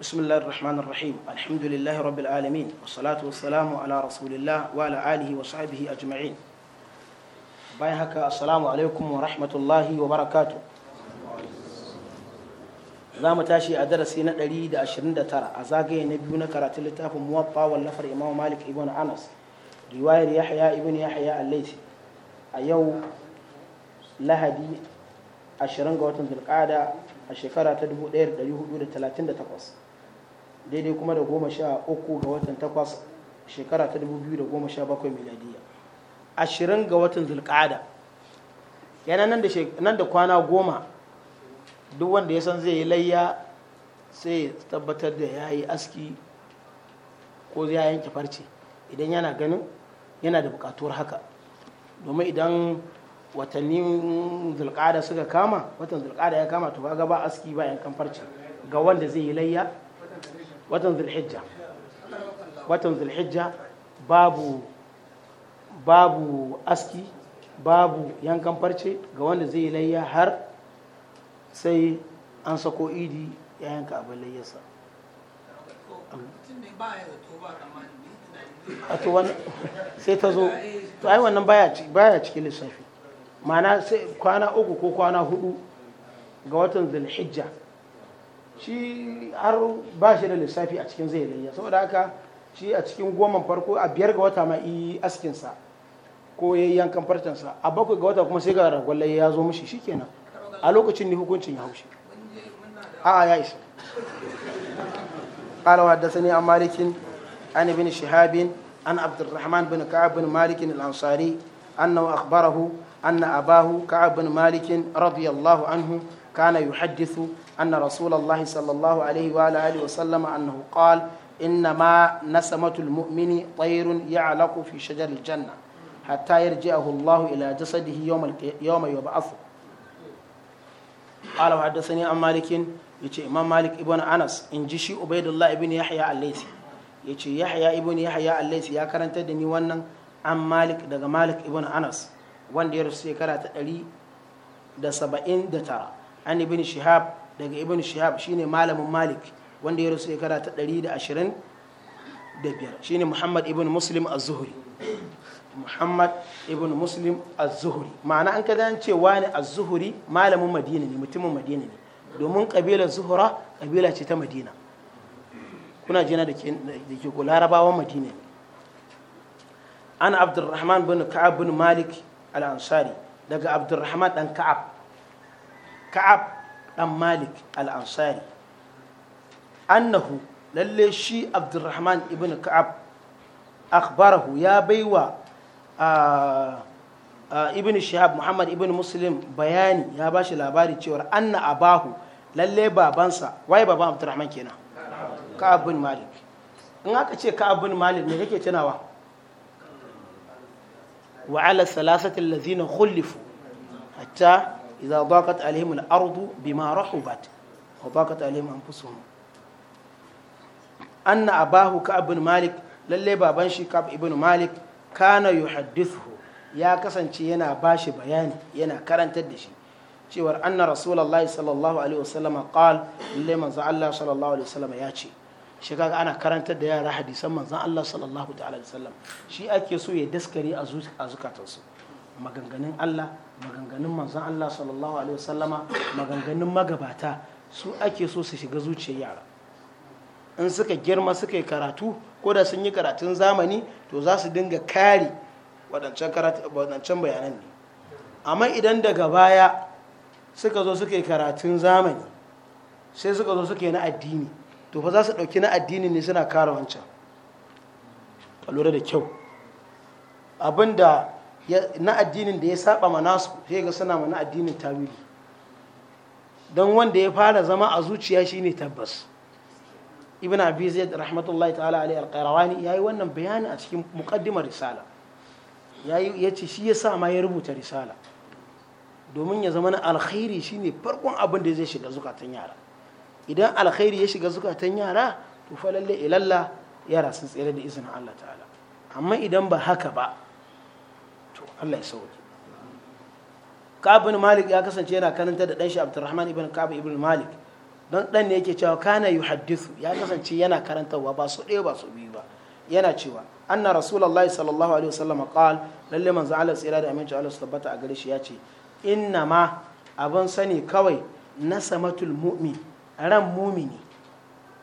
بسم الله الرحمن الرحيم الحمد لله رب العالمين والصلاة والسلام على رسول الله وعلى آله وصحبه أجمعين haka assalamu alaikum wa rahmatullahi wa barakatu za mu tashi a darasi na 129 a zagaye na biyu na karatun littafin muwaffa wallafar imam malik ibn anas riwayar yahya ibn yahya al-laythi a yau lahadi 20 ga watan zulqa'ada a shekara ta 1438 daidai kuma da goma sha uku ga watan takwas shekara ta dubu biyu da goma sha bakwai miladiya ashirin ga watan zulkada yana nan da kwana goma duk wanda ya san zai yi layya sai ya tabbatar da ya yi aski ko ya yanke farce idan yana ganin yana da buƙatuwar haka domin idan watannin zulkada suka kama watan zulkada ya kama to ba aski ba yankan farce ga wanda zai yi layya watan zulhijja watan zulhijja babu babu aski babu yankan farce ga wanda zai yi layya har sai an sako idi ya yanka abin layyarsa a to wani sai ta zo to ai wannan baya cikin lissafi ma'ana sai kwana uku ko kwana hudu ga watan zulhijja shi har ba shi da lissafi a cikin zairiya saboda haka shi a cikin goman farko a biyar ga wata ma askinsa ko ya yi yankan farcensa a bakwai ga wata kuma sai ga ragwalle ya zo mushi shi kenan a lokacin ne hukuncin ya haushe a ya isa kala wa da sani a malikin an shahabin an abdurrahman bin ka'ab bin malikin al-ansari annahu akhbarahu anna abahu ka'ab bin malikin radiyallahu anhu kana yuhaddithu أن رسول الله صلى الله عليه وآله وسلم أنه قال إنما نسمة المؤمن طير يعلق في شجر الجنة حتى يرجعه الله إلى جسده يوم يوم يبعثه قال حدثني عن مالك يتي إمام مالك ابن أنس إن جشي عبيد الله ابن يحيى الليثي يتي يحيى ابن يحيى الليثي يا كرنت دني wannan عن مالك دغ مالك ابن أنس وان دير سيكرا تدري da saba'in da tara an ibn shihab daga ibn shihab shine malamin malik wanda ya rasu shekara ta 125 shine muhammad ibn muslim az-zuhri muhammad ibn muslim az-zuhri ma'ana an kada ce wani az-zuhri malamin madina ne mutumin madina ne domin kabilar Zuhra kabila ce ta madina kuna jina da ke ko larabawan madina an abdurrahman bin ka'ab bin malik al-ansari daga abdurrahman dan ka'ab ka'ab ɗan malik al-ansari annahu lalle shi abdurrahman ibn ka'ab akhbarahu ya baiwa ah, ah, ibn shihab muhammad ibn muslim bayani ya ba shi labari cewar anna abahu lalle babansa waye baban abdurrahman kenan ka'ab bin malik in aka ce ka'ab bin malik ne yake tunawa wa ala salasatin lazina khulifu hatta idza daqat alaihim al-ardu bima rahubat wa daqat alaihim anfusuhum anna abahu ka ibn malik lalle baban shi ka ibn malik kana yuhaddithu ya kasance yana bashi bayani yana karantar da shi cewar anna rasulullahi sallallahu alaihi wasallam qal lalle manzo Allah sallallahu alaihi wasallam ya ce shi kaga ana karantar da yara hadisan manzon Allah sallallahu ta'ala alaihi wasallam shi ake so ya daskare a zukatansu maganganun Allah maganganun manzon Allah sallallahu alaihi wasallama maganganun magabata su ake so su shiga zuciyar yara in suka girma suka yi karatu ko da sun yi karatun zamani to za su dinga kare waɗancan bayanan ne amma idan daga baya suka zo suka yi karatun zamani sai suka zo suka yi na addini to fa za su ɗauki na addini ne suna kare wancan lura da kyau abinda na addinin da ya saba ma nasu sai ga suna mana addinin tawili don wanda ya fara zama a zuciya shine tabbas ibn abi zaid rahmatullahi ta'ala Qarawani ya yayi wannan bayani a cikin muqaddimar risala yayi ce shi yasa ma ya rubuta risala domin ya zama na alkhairi shine farkon abin da zai shiga zukatan yara idan alkhairi ya shiga zukatan yara to falalle lalle ilalla yara sun tsere da izinin Allah ta'ala amma idan ba haka ba Allah ya sauke Malik ya kasance yana karanta da ɗanshi Abdurrahman ibn Kabin ibn Malik don ɗan ne yake cewa kana yuhaddithu ya kasance yana karantarwa ba su ɗaya ba su biyu ba yana cewa anna rasulallah sallallahu alaihi wasallam qal lalle manzo ala tsira da aminci Allah su tabbata a gare shi ya ce inna ma abin sani kawai na mu'min ran mumini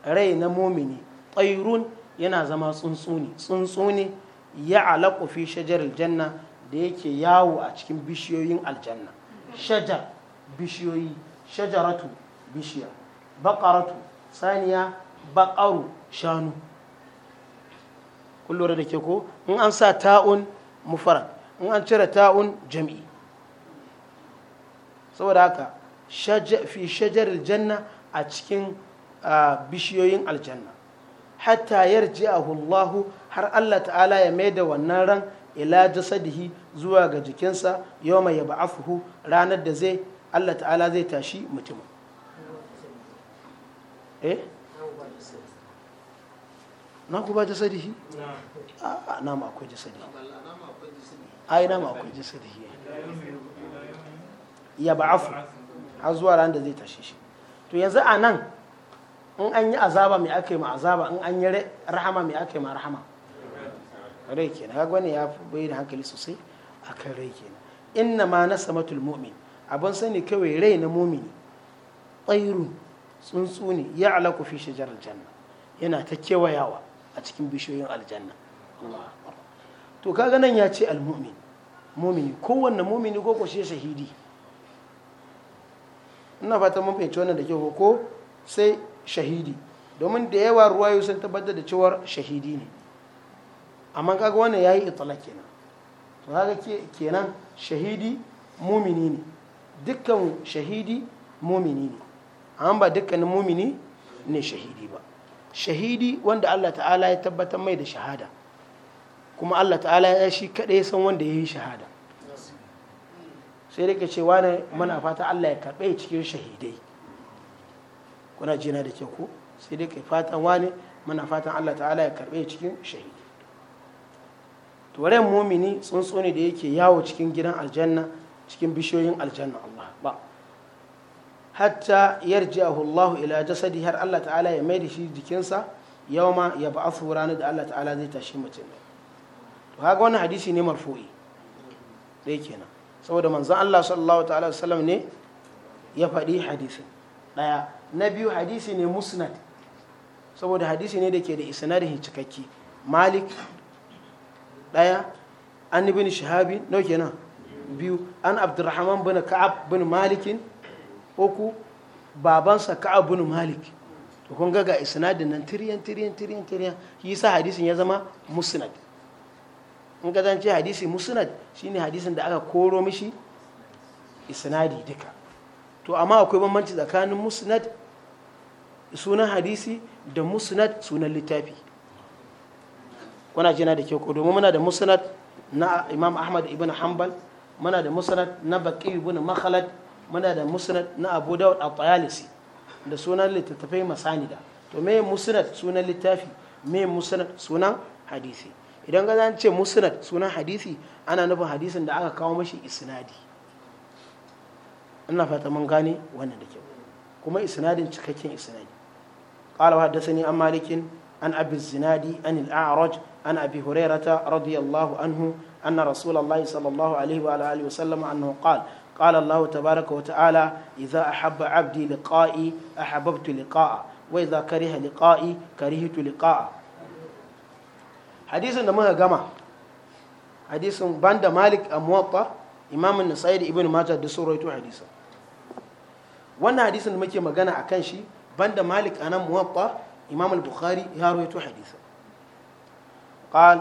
rai na mumini tsairun yana zama tsuntsuni tsuntsuni ya alaƙo fi shajarar janna da yake yawo a cikin bishiyoyin aljanna shajar bishiyoyi shajaratu bishiya baƙaratu saniya baƙaru shanu kullum da ke ko in an sa ta'un mufara in an cire ta'un jami'i saboda haka fi shajar aljanna a cikin bishiyoyin aljanna hatta yarji Allah har Allah ta'ala ya mai da wannan ran ila jasadihi zuwa ga jikinsa yau mai yaba afuhu ranar da zai Allah ta'ala zai tashi mutum eh na ku ba jasadihi a na ma akwai jasadihi ai na ma akwai jasadihi ya ba afu har zuwa ranar da zai tashi shi to yanzu a nan in an yi azaba mai ake ma azaba in an yi rahama mai ake ma rahama rai kenan kaga wannan ya bayyana hankali sosai akan rai kenan inna ma nasamatul mu'min abin sani kawai rai na mumini tsairu tsuntsu ne ya alaku fi shajarar janna yana ta kewayawa a cikin bishiyoyin aljanna to kaga nan ya ce almumin mumini kowanne mumini ko ko shahidi ina fata mun fahimci wannan da kyau ko sai shahidi domin da yawa ruwayo sun tabbatar da cewar shahidi ne amma kaga wannan yayi itlaq kenan to kaga kenan shahidi mumini ne dukkan shahidi mumini ne amma ba dukkanin mumini ne shahidi ba shahidi wanda Allah ta'ala ya tabbatar mai da shahada kuma Allah ta'ala ya shi kadai san wanda ya yi shahada sai dai cewa ne muna fata Allah ya karbe cikin shahidai kuna jina da ke ku sai dai fatan wani muna fatan Allah ta'ala ya karbe cikin shahidai to ran mumini tsuntsu ne da yake yawo cikin gidan aljanna cikin bishiyoyin aljanna Allah ba hatta yarji'ahu Allah ila jasadi har Allah ta'ala ya mai da shi jikinsa yauma ya ba'athu ranar da Allah ta'ala zai tashi mutum to kaga wannan hadisi ne marfu'i dai kenan saboda manzon Allah sallallahu ta'ala wasallam ne ya faɗi hadisin ɗaya na biyu hadisi ne musnad saboda hadisi ne da ke da isnadin cikakke malik ɗaya an ibn shahabi nau kenan biyu an abdurrahman bin ka'ab bin malikin uku babansa ka'ab bin malik to kun ga ga isnadin nan tiriyan tiriyan tiriyan tiriyan yasa hadisin ya zama musnad in ka zance hadisi musnad shine hadisin da aka koro mishi isnadi duka to amma akwai bambanci tsakanin musnad sunan hadisi da musnad sunan littafi kuna jina da ke ko domin muna da musnad na imam ahmad ibn hanbal muna da musnad na baqi ibn makhalad muna da musnad na abu daud at-tayalisi da sunan littattafai masanida to me musnad sunan littafi me musnad sunan hadisi idan ga zan ce musnad sunan hadisi ana nufin hadisin da aka kawo mashi isnadi ina fata mun gane wannan da kyau kuma isnadin cikakken isnadi qala wa hadathani an malikin an abi zinadi an عن أبي هريرة رضي الله عنه أن رسول الله صلى الله عليه وعلى آله وسلم أنه قال قال الله تبارك وتعالى إذا أحب عبدي لقائي أحببت لقاء وإذا كره لقائي كرهت لقاء حديث ما جمع حديث بند مالك أموطة إمام النصير ابن ماجه دسورة حديث wannan hadisin da muke magana a kan shi banda malik anan muwatta imam al-bukhari ya rawaito hadisin قال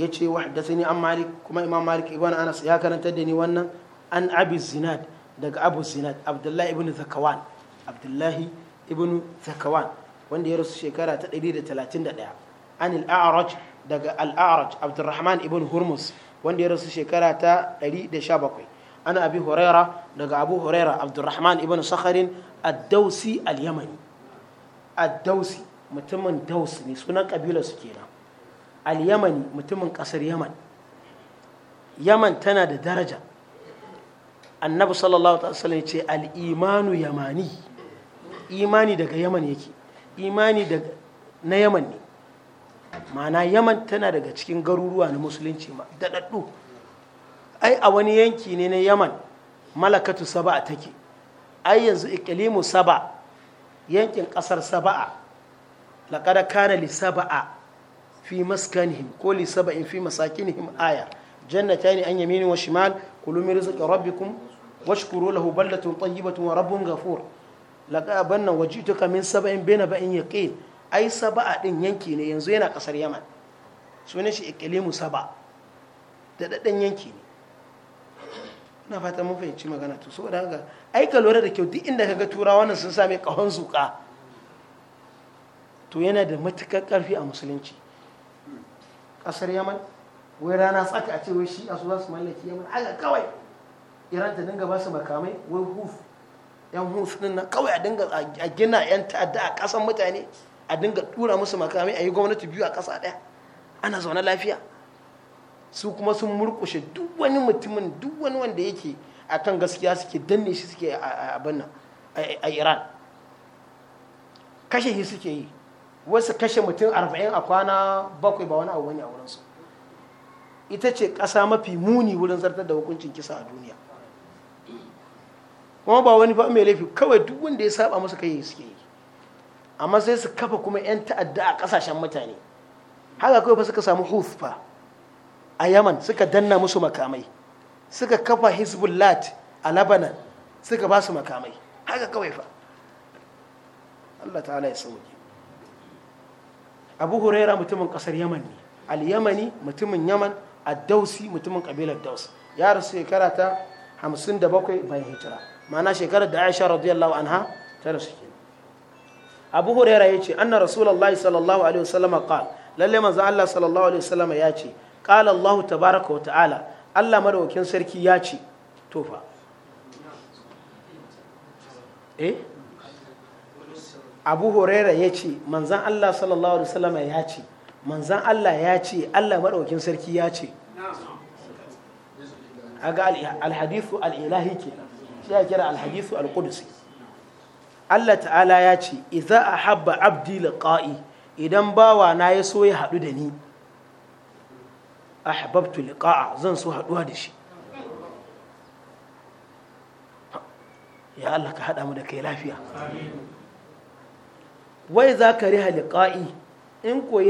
يجي وحدثني عن مالك كما إمام مالك إبان أنس يا كان تدني وانا أن أبي الزناد دق أبو الزناد عبد الله ابن ذكوان عبد الله ابن ذكوان wanda ya rasu shekara ta 131 an al'araj daga al'araj abdurrahman ibn hurmus wanda ya rasu shekara ta 117 ana abi huraira daga abu huraira abdurrahman ibn sakharin ad-dausi al-yamani ad-dausi mutumin daus ne sunan kabilar su kenan al-yamani mutumin kasar yaman yaman tana da daraja annabi sallallahu alaihi wasallam ya ce al-imanu yamani imani daga yaman yake imani daga na yaman ne ma'ana yaman tana daga cikin garuruwa na musulunci ma daɗaɗɗu ai a wani yanki ne na yaman malakatu saba'a take ai yanzu ikilimu saba yankin kasar saba'a laqad kana li saba'a fi maskanihim ko li saba'in fi masakinihim aya jannatani an yaminin wa shimal kulu min rizqi rabbikum washkuru lahu baldatun tayyibatun wa rabbun ghafur laqad abanna wajituka min saba'in bayna ba'in yaqin ai saba'a din yanki ne yanzu yana kasar yaman sunan shi iqlimu saba da dadan yanki ne na fata mun fahimci magana to saboda haka ai ka lura da kyau duk inda kaga turawa nan sun same kahon zuka to yana da matukar karfi a musulunci kasar yaman wai rana tsaka a ce wai shi a su za su mallaki yaman haka kawai iran ta dinga ba su makamai wai huf yan huf din nan kawai a dinga a gina yan ta'adda a kasan mutane a dinga tura musu makamai a yi gwamnati biyu a kasa daya ana zaune lafiya su kuma sun murkushe duk wani mutumin duk wani wanda yake a kan gaskiya suke danne shi suke a iran kashe shi suke yi wasu kashe mutum arba'in a kwana bakwai ba wani abu bane a wurinsu ita ce ƙasa mafi muni wurin zartar da hukuncin kisa a duniya kuma ba wani ba mai laifi kawai duk wanda ya saba musu kai suke yi amma sai su kafa kuma 'yan ta'adda a ƙasashen mutane haka kawai fa suka samu huth fa a yaman suka danna musu makamai suka kafa hezbollah a labanan suka ba su makamai haka kawai fa allah ta'ala ya sauke abu huraira mutumin kasar yaman ne al-yamani mutumin yaman ad-dausi mutumin kabilar daus ya rasu shekara ta 57 bayan hijira ma'ana shekarar da aisha radiyallahu anha ta rasu ke abu huraira ya ce anna rasulullahi sallallahu alaihi wasallam qala lalle manzo Allah sallallahu alaihi wasallam ya ce qala Allah tabaraka wa ta'ala Allah madaukakin sarki ya ce tofa eh abu huraira ya ce manzan allah sallallahu alaihi wasallama ya ce manzan allah ya ce allah maɗaukin sarki ya ce aga alhadisu al'ilahi ke shi ya kira alhadisu al-qudusi allah ta'ala ya ce a ahabba abdi liqa'i idan bawa na ya so ya haɗu da ni ahbabtu liqa'a zan so haɗuwa da shi ya Allah ka haɗa mu da kai lafiya wai za ka riha liƙa'i in ko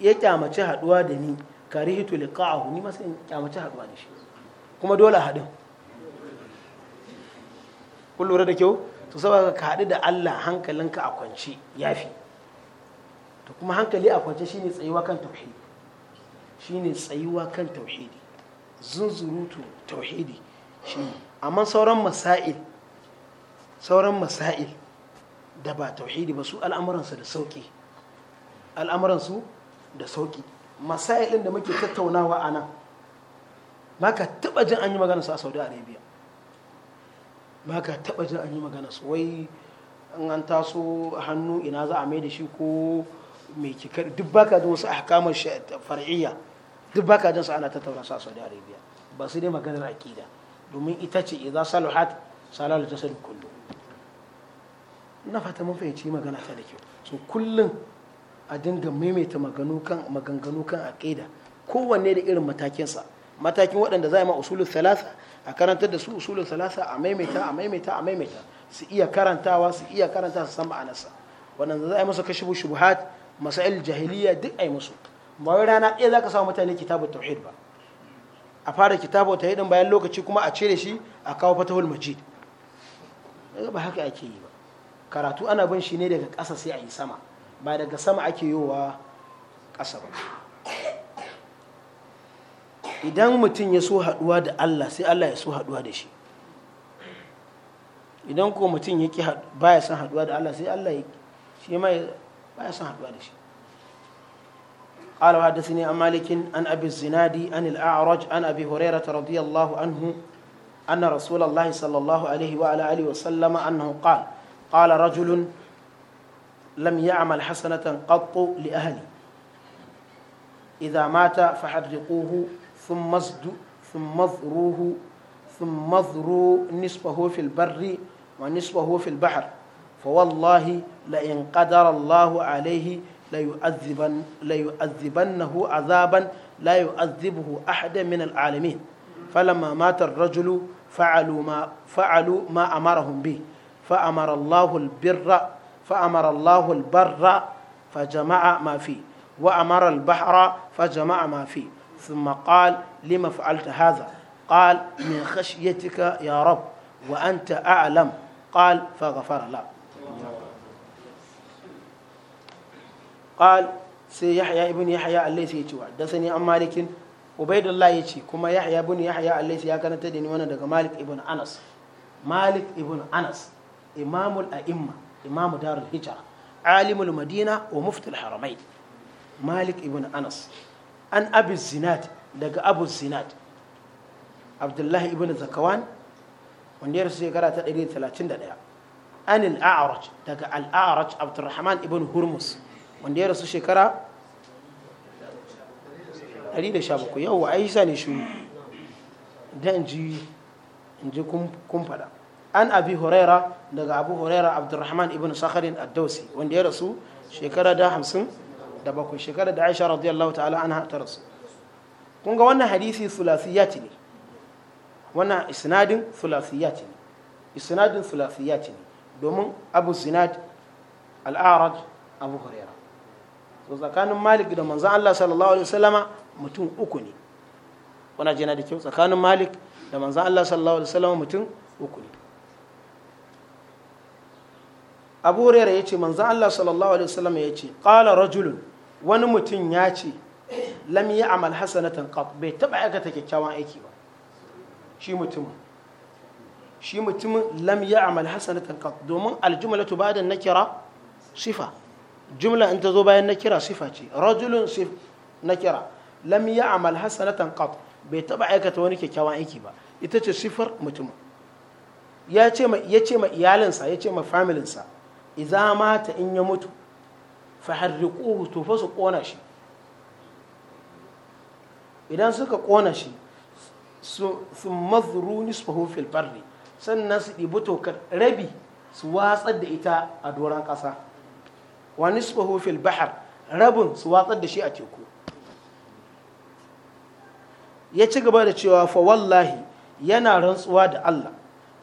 ya kyamaci haɗuwa da ni ka rihitu liqa'ahu ni masu sai kyamaci da shi kuma dole haɗin kun lura da kyau to saboda ka haɗu da Allah hankalinka a kwance fi, to kuma hankali a kwance shine tsayuwa kan tauhidi shine tsayuwa kan tauhidi zunzurutu tauhidi shi amma sauran masail sauran masail da ba tauhidi ba su al'amuransu da sauƙi al'amuransu da sauƙi masailin da muke tattaunawa a nan ba ka taɓa jin an yi magana su a saudi arabia ba ka taɓa jin an yi magana su wai in an taso hannu ina za a mai da shi ko mai kikar duk baka jin wasu ahkamar far'iyya duk baka jin su ana tattauna su a saudi arabia ba su dai maganar aƙida domin ita ce idan saluhat salal jasad kullu na fata mun fahimci magana ta da kyau so kullum a dinga maimaita maganganu kan aƙida kowanne da irin matakinsa matakin waɗanda za a yi ma usulun salasa a karantar da su usulun salasa a maimaita a maimaita a maimaita su iya karantawa su iya karanta su san ma'anarsa waɗanda za a yi masa kashibu shubuhat masail jahiliya duk a yi musu ba wai rana ɗaya za ka samu mutane kitabu tauhid ba a fara kitabu tauhidin bayan lokaci kuma a cire shi a kawo fatahul majid ba haka ake yi ba karatu ana bin shi ne daga ƙasa sai a yi sama ba daga sama ake yowa ƙasa ba idan mutum ya so haɗuwa da Allah sai Allah ya so haɗuwa da shi idan ko mutum ya ki baya son haɗuwa da Allah sai Allah ya shi ma baya son haɗuwa da shi قال وحدثني عن مالك عن ابي الزناد عن الاعرج عن ابي هريره رضي الله عنه ان رسول الله صلى الله عليه وعلى اله وسلم انه قال قال رجل لم يعمل حسنة قط لأهلي إذا مات فحرقوه ثم ازد ثم اضروه ثم اضروا نصفه في البر ونصفه في البحر فوالله لئن قدر الله عليه ليؤذبن ليؤذبنه عذابا لا يؤذبه أحد من العالمين فلما مات الرجل فعلوا ما فعلوا ما أمرهم به فأمر الله البر فأمر الله البر فجمع ما فيه وأمر البحر فجمع ما فيه ثم قال لما فعلت هذا قال من خشيتك يا رب وأنت أعلم قال فغفر له قال سي يحيى ابن يحيى الليث يتوى دسني عن مالك عبيد الله يتي كما يحيى ابن يحيى الليث يا كانت تدني وانا دغ مالك ابن انس مالك ابن انس imamul a'imma imamu darul hijra alimul madina wa muftul haramai malik ibn anas an abu zinat daga abu zinat ibn zakawan wanda ya rasu shekara ta 131 an al'araj daga al'araj abdurrahman ibn hurmus wanda ya rasu shekara 117 yau wa aisha ne shi da in ji kun fada an abi huraira daga abu huraira abdurrahman ibn sakharin ad-dawsi wanda ya rasu shekara da hamsin da bakwai shekara da aisha radiyallahu ta'ala anha ta rasu kun ga wannan hadisi sulasiyat ne wannan isnadin sulasiyat ne isnadin sulasiyat ne domin abu zinad al-araj abu huraira to tsakanin malik da manzon Allah sallallahu alaihi wasallama mutum uku ne wannan jina da kyau tsakanin malik da manzon Allah sallallahu alaihi wasallama mutum uku ne abu hurairah ya ce manzan allah sallallahu alaihi wasallam ya ce ƙala rajulun wani mutum ya ce lam yi amal hasanatan qat bai taba aikata kyakkyawan aiki ba shi mutumin shi mutumin lam yi amal hasanatan qat domin aljumlatu ba'da nakira sifa jumla in ta zo bayan nakira sifa ce rajulun sif nakira lam yi amal hasanatan qat bai taba aikata wani kyakkyawan aiki ba ita ce sifar mutumin ya ce ma iyalinsa ya ce ma familinsa Iza mata in ya mutu fa harriquhu su kona shi idan suka kona shi sun mazuru nisfahu fil barri sannan su ɗibi tokar rabi su watsar da ita a doron ƙasa wa nisfahu fil bahar rabin su watsar da shi a teku ya ci gaba da cewa fa wallahi yana rantsuwa da Allah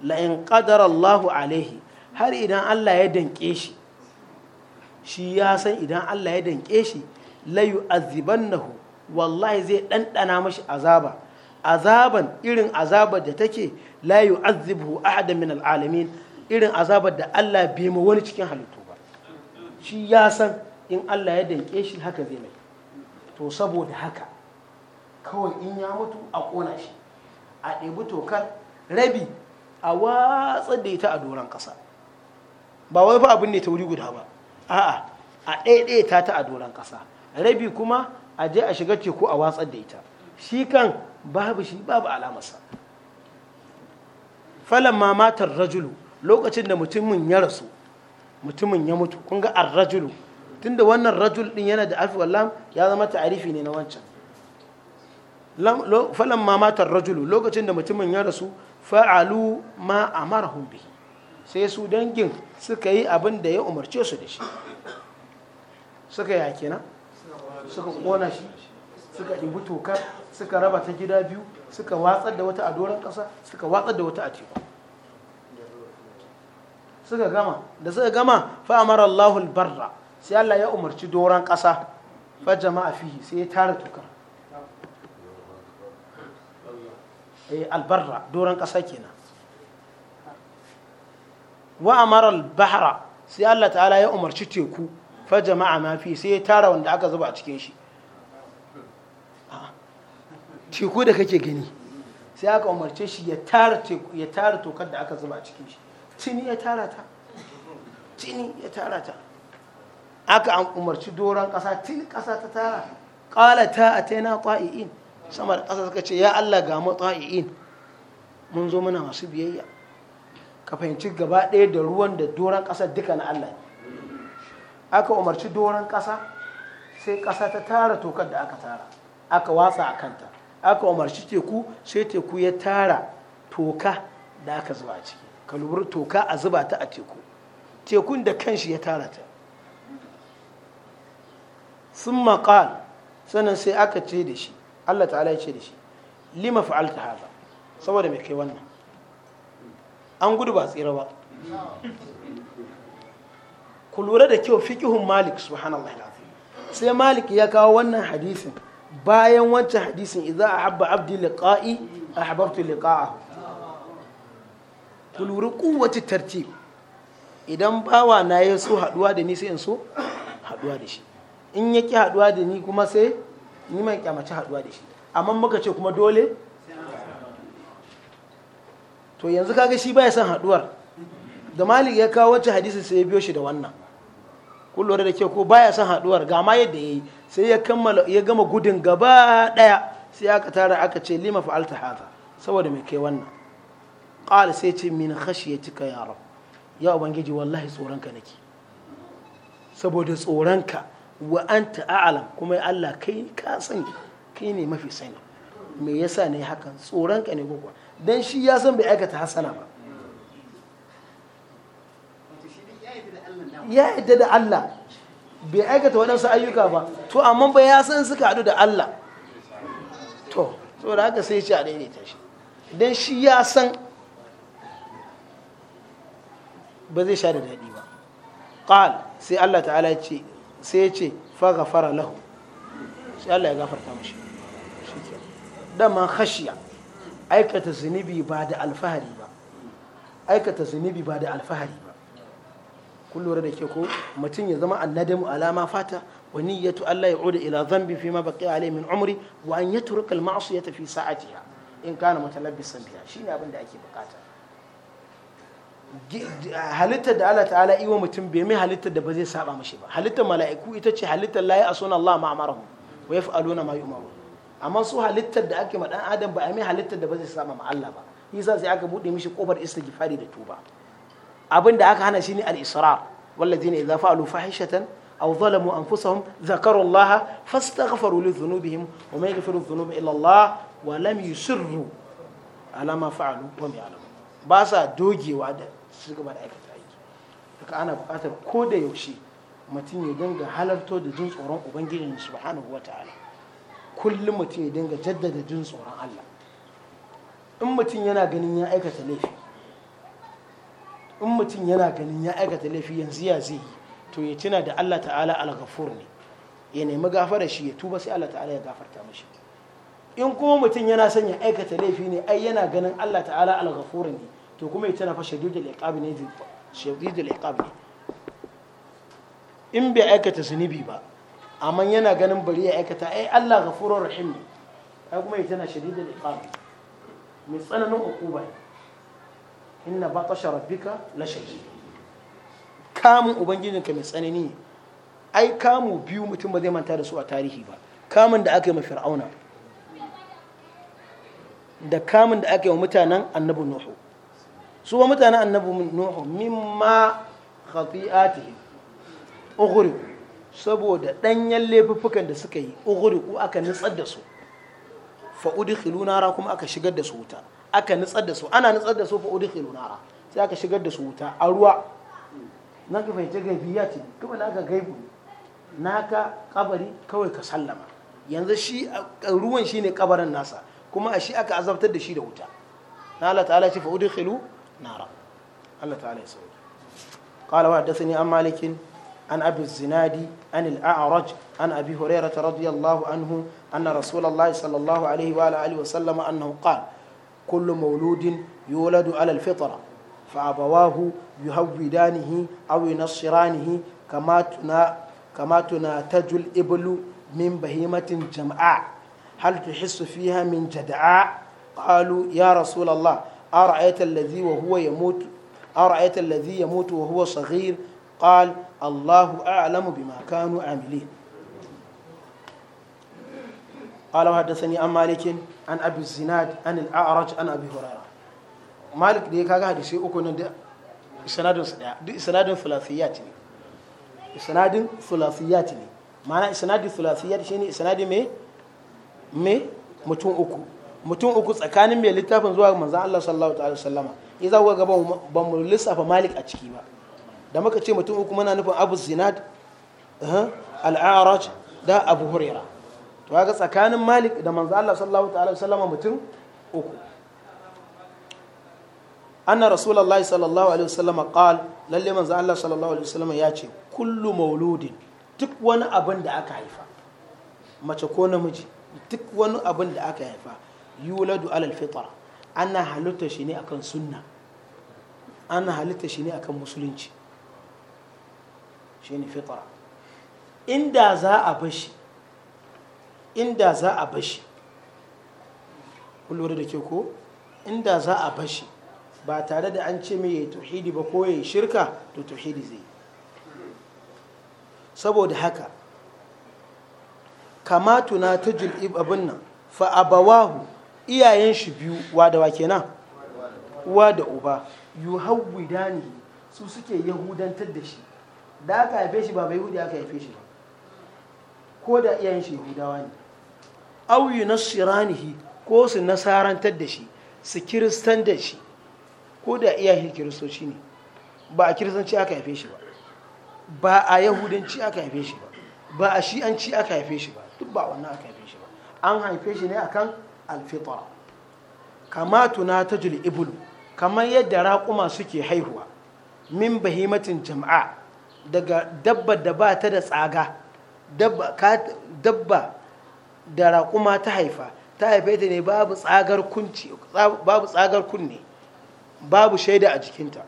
la in qadara Allahu alaihi har idan Allah ya danƙe shi shi ya san idan Allah ya danƙe shi layu azibannahu wallahi zai ɗanɗana mashi azaba azaban irin azabar da take layu azibhu ahada min al'alamin irin azabar da Allah bai ma wani cikin halittu ba shi ya san in Allah ya danƙe shi haka zai mai to saboda haka kawai in ya mutu a ƙona shi a ɗebi tokar rabi a watsa da ita a doron ƙasa ba wai fa abin ne ta wuri guda ba a'a a ɗaiɗaya ta ta a doron ƙasa rabi kuma a je a shiga teku a watsar da ita shi kan babu shi babu alamarsa falan mamatar rajulu lokacin da mutumin ya rasu mutumin ya mutu kun ga ar rajulu tunda wannan rajul din yana da alfi wallam ya zama ta'arifi ne na wancan falan mamatar rajulu lokacin da mutumin ya rasu fa'alu ma mara bihi sai su dangin suka yi abin da ya umarce su da shi suka yi na suka kona shi suka ɗibu tokar suka raba ta gida biyu suka watsar da wata a doron ƙasa suka watsar da wata a teku suka gama da suka gama fa'amar Allahul barra sai Allah ya umarci doron ƙasa fa jama'a fihi sai ya tara tokar eh, albarra doron ƙasa kenan wa amaral bahra sai Allah ta'ala ya umarci teku fa jama'a ma fi sai ya tara wanda aka zuba a cikin shi teku da kake gani sai aka umarce shi ya tara teku ya tara tokar da aka zuba a cikin shi tini ya tara ta tini ya tara ta aka an umarci doron kasa tini kasa ta tara qala ta ataina qa'iin sama da kasa suka ce ya Allah ga mu qa'iin mun zo muna masu biyayya ka fahimci gaba ɗaya da ruwan da doron ƙasa duka na Allah aka umarci doron ƙasa sai ƙasa ta tara tokar da aka tara aka watsa a kanta aka umarci teku sai teku ya tara toka da aka zuba ciki ka lura toka a zuba ta a teku tekun da kanshi ya tara ta sun maƙal sannan sai aka ce da shi Allah ta'ala ya ce da shi lima fa'alta haza saboda mai kai wannan an gudu ba tsira ba ku lura da kyau fiqhun malik subhanallah sai malik ya kawo wannan hadisin bayan wancan hadisin a haɓa abdi liqa'i ahbabtu liƙa'a ku lura kowace tarti. idan bawa na ya so haɗuwa da ni sai in so haɗuwa da shi in ya haɗuwa da ni kuma sai ni mai kyamaci haɗuwa da shi amma muka ce kuma dole to yanzu kaga shi baya son haduwar da malik ya kawo wacce hadisi sai ya biyo shi da wannan kun da ke ko baya son haduwar gama ma yadda yi sai ya kammala ya gama gudun gaba daya sai aka tara aka ce lima fa'alta hata saboda mai kai wannan qala sai ce min khashiyatika ya rab ya ubangiji wallahi tsoronka nake saboda tsoronka wa'anta anta a'lam kuma Allah kai ka sani kai ne mafi sani me yasa ne hakan tsoronka ne gogwa don shi ya san bai aikata hasana ba ya yadda da Allah bai aikata waɗansu ayyuka ba to amma ba ya san suka haɗu da Allah to da haka sai ce a ne ta shi don shi ya san ba zai sha da daɗi ba ƙal sai Allah ta'ala ce sai ya ce faghafara lahu sai Allah ya gafarta mashi shi ke dama khashiya aikata zunubi ba da alfahari ba aikata zunubi ba da alfahari ba kun da ke ko mutum ya zama annadamu alama fata wa niyyatu Allah ya uda ila dhanbi fi ma baqiya alayhi min umri wa an yatruka al ma'siyata fi sa'atiha in kana mutalabbisan biha shine abin da ake bukata halitta da Allah ta'ala iwa mutum bai mai halitta da ba zai saba mashi ba halitta mala'iku ita ce halitta la ya asuna Allah ma'amarahu wa yaf'aluna ma yu'maru amma su halittar da ake ma dan adam ba a mai halittar da ba zai sama Allah ba yasa sai aka bude mishi kofar istighfari da tuba abin da aka hana shi ne al-israr wallazina idza fa'alu fahishatan aw zalamu anfusahum zakaru Allah fastaghfaru li dhunubihim wa man yaghfiru dhunuba illa Allah wa lam yusirru ala ma fa'alu wa ma ya'lamu ba sa dogewa da su da aikata aiki haka ana buƙatar ko da yaushe mutum ya dinga halarto da jin tsoron ubangiji subhanahu wataala kullum mutum ya dinga jaddada jin tsoron Allah in mutum yana ganin ya aikata laifi in mutum yana ganin ya aikata laifi yanzu ya zai yi to ya tuna da Allah ta'ala al-ghafur ne ya nemi gafara shi ya tuba sai Allah ta'ala ya gafarta mashi in kuma mutum yana son ya aikata laifi ne ai yana ganin Allah ta'ala al-ghafur ne to kuma ya tuna fa shadidul iqab ne shadidul iqab ne in bai aikata zunubi ba amma yana ganin bari ya aikata ai Allah ghafurur rahim ne ai kuma ita na shadidul iqab mai tsananin uquba inna batasha rabbika la shadid kamun ubangijinka mai tsanani ai kamu biyu mutum ba zai manta da su a tarihi ba kamun da aka yi ma fir'auna da kamun da aka yi wa mutanen annabi nuhu su ba mutanen annabi nuhu mimma khati'atihim ughriqu saboda ɗanyen laifuffukan da suka yi ko aka nutsar da su fa khilunara kuma aka shigar da su wuta aka nutsar da su ana nutsar da su fa khilunara sai aka shigar da su wuta a ruwa na ka fahimci ya ce kuma na ka gaibu ka kabari kawai ka sallama yanzu shi ruwan shi ne kabarin nasa kuma a shi aka azabtar da shi da wuta na Allah ta'ala ce fa khilunara Allah ta'ala ya sauke qala wa hadathani an عن أبي الزنادي عن الأعرج عن أبي هريرة رضي الله عنه أن رسول الله صلى الله عليه وآله وسلم أنه قال كل مولود يولد على الفطرة فأبواه يهودانه أو ينصرانه كما تنا كما تناتج الإبل من بهيمة جمعاء هل تحس فيها من جدعاء قالوا يا رسول الله أرأيت الذي وهو يموت أرأيت الذي يموت وهو صغير قال Allahu a'lamu bima kanu amilin قال وحدثني عن مالك عن ابي الزناد عن الاعرج عن ابي هريره مالك دي كاغا حديثي uku nan da sanadin su duk sanadin thulathiyat ne sanadin thulathiyat ne ma'ana sanadin thulathiyat shine sanadin me mutum uku mutum uku tsakanin mai littafin zuwa maza Allah sallallahu alaihi wasallama idza ga ba mu lissafa malik a ciki ba da muka ce mutum uku muna nufin abu zinad al'araj da abu huraira to kaga tsakanin malik da manzo Allah sallallahu ta'ala wasallama mutum uku anna rasulullahi sallallahu alaihi wasallama qal lalle manzo Allah sallallahu alaihi wasallama ya ce kullu mauludin duk wani abin da aka haifa mace ko namiji duk wani abin da aka haifa yuladu alal fitra ana halitta shi ne akan sunna ana halitta shi ne akan musulunci shine fitra inda za a bashi inda za a bashi kullum da ke ko inda za a bashi ba tare da an ce mai tuhidi ba ko ya shirka to tuhidi zai saboda haka kama tuna ta jul'ib abin nan fa'abawahu iyayen shi biyu wada kenan uwa da uba ne su suke yahudantar da shi da aka haife shi ba bai hudu aka haife shi ba ko da iyayen shi hudawa ne na yunassiranihi ko su nasarantar da shi su kiristan da shi ko da iyayen kiristoci ne ba a kiristanci aka haife shi ba ba a yahudanci aka haife shi ba ba a shi'anci aka haife shi ba duk ba wannan aka haife shi ba an haife shi ne akan alfitra kama tuna ta ibulu kamar yadda raƙuma suke haihuwa min bahimatin jama'a daga dabba da ba ta da tsaga dabba da raƙuma ta haifa ta haife ta ne babu tsagar kunne babu shaida a jikinta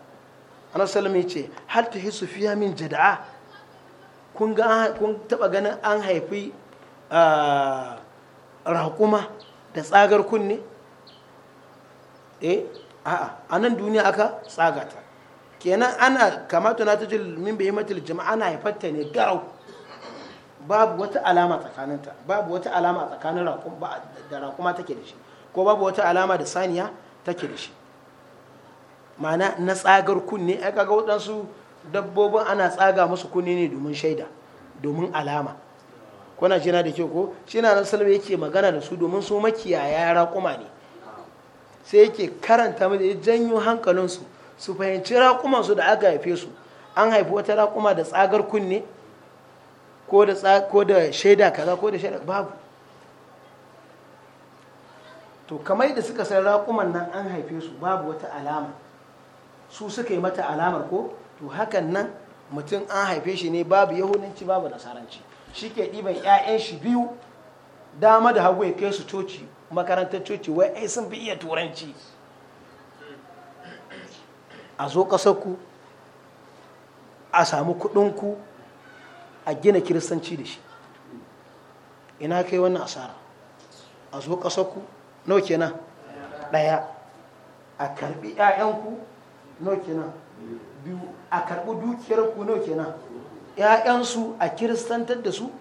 ana ce har ta hisu fiya min jada'a kun taɓa ganin an haifi raƙuma da tsagar kunne eh a nan duniya aka tsagata kenan ana kamata na tajil min bihimatil jama'a ana haifarta ne garau babu wata alama tsakaninta babu wata alama tsakanin da raƙuma take da shi ko babu wata alama da saniya take da shi ma'ana na tsagar kunne ai kaga waɗansu dabbobin ana tsaga musu kunne ne domin shaida domin alama kuna jina da kyau ko shi na salma yake magana da su domin su makiyaya raƙuma ne sai yake karanta mu da janyo hankalinsu su fahimci raƙumansu su da aka haife su an haifi wata raƙuma da tsagar kunne ko da shaida kaza ko da shaida babu to kamar da suka san raƙuman nan an haife su babu wata alama su suka yi mata alamar ko to hakan nan mutum an haife shi ne babu yahudanci babu nasaranci shi ke ɗiban 'ya'yan shi biyu dama da hagu ya kai su coci makarantar coci wai sun fi iya turanci a zo ƙasarku a samu kudinku a gina kiristanci da shi ina kai wannan asara a zo ƙasarku nau kenan ɗaya a karɓi 'ya'yanku nau kenan biyu a karɓi dukiyarku nau kenan 'ya'yansu a kiristantar da su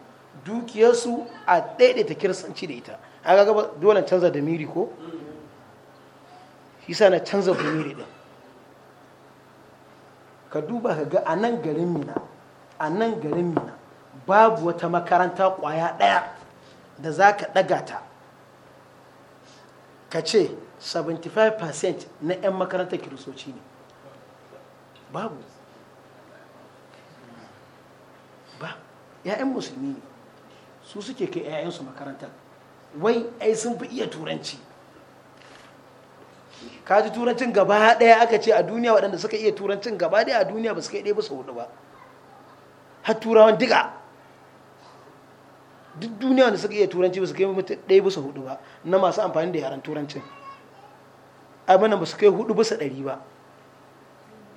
dukiyarsu a daidaita kiristanci da ita a gaba dole canza da miri ko shi sa na canza da miri din ka duba ka ga a nan garin mina a garin mina babu wata makaranta kwaya ɗaya da za ka ɗaga ta ka ce 75% na 'yan makarantar kirisoci ne babu ba 'ya'yan musulmi ne su suke kai 'ya'yansu makarantar wai ai sun fi iya turanci kaji turancin gaba daya aka ce a duniya waɗanda suka iya turancin gaba daya a duniya ba su kai ɗaya ba sau ba har turawan diga duk duniya da suka iya turanci ba su kai mutum ɗaya bisa hudu ba na masu amfani da yaren turancin abin ba su kai hudu bisa ɗari ba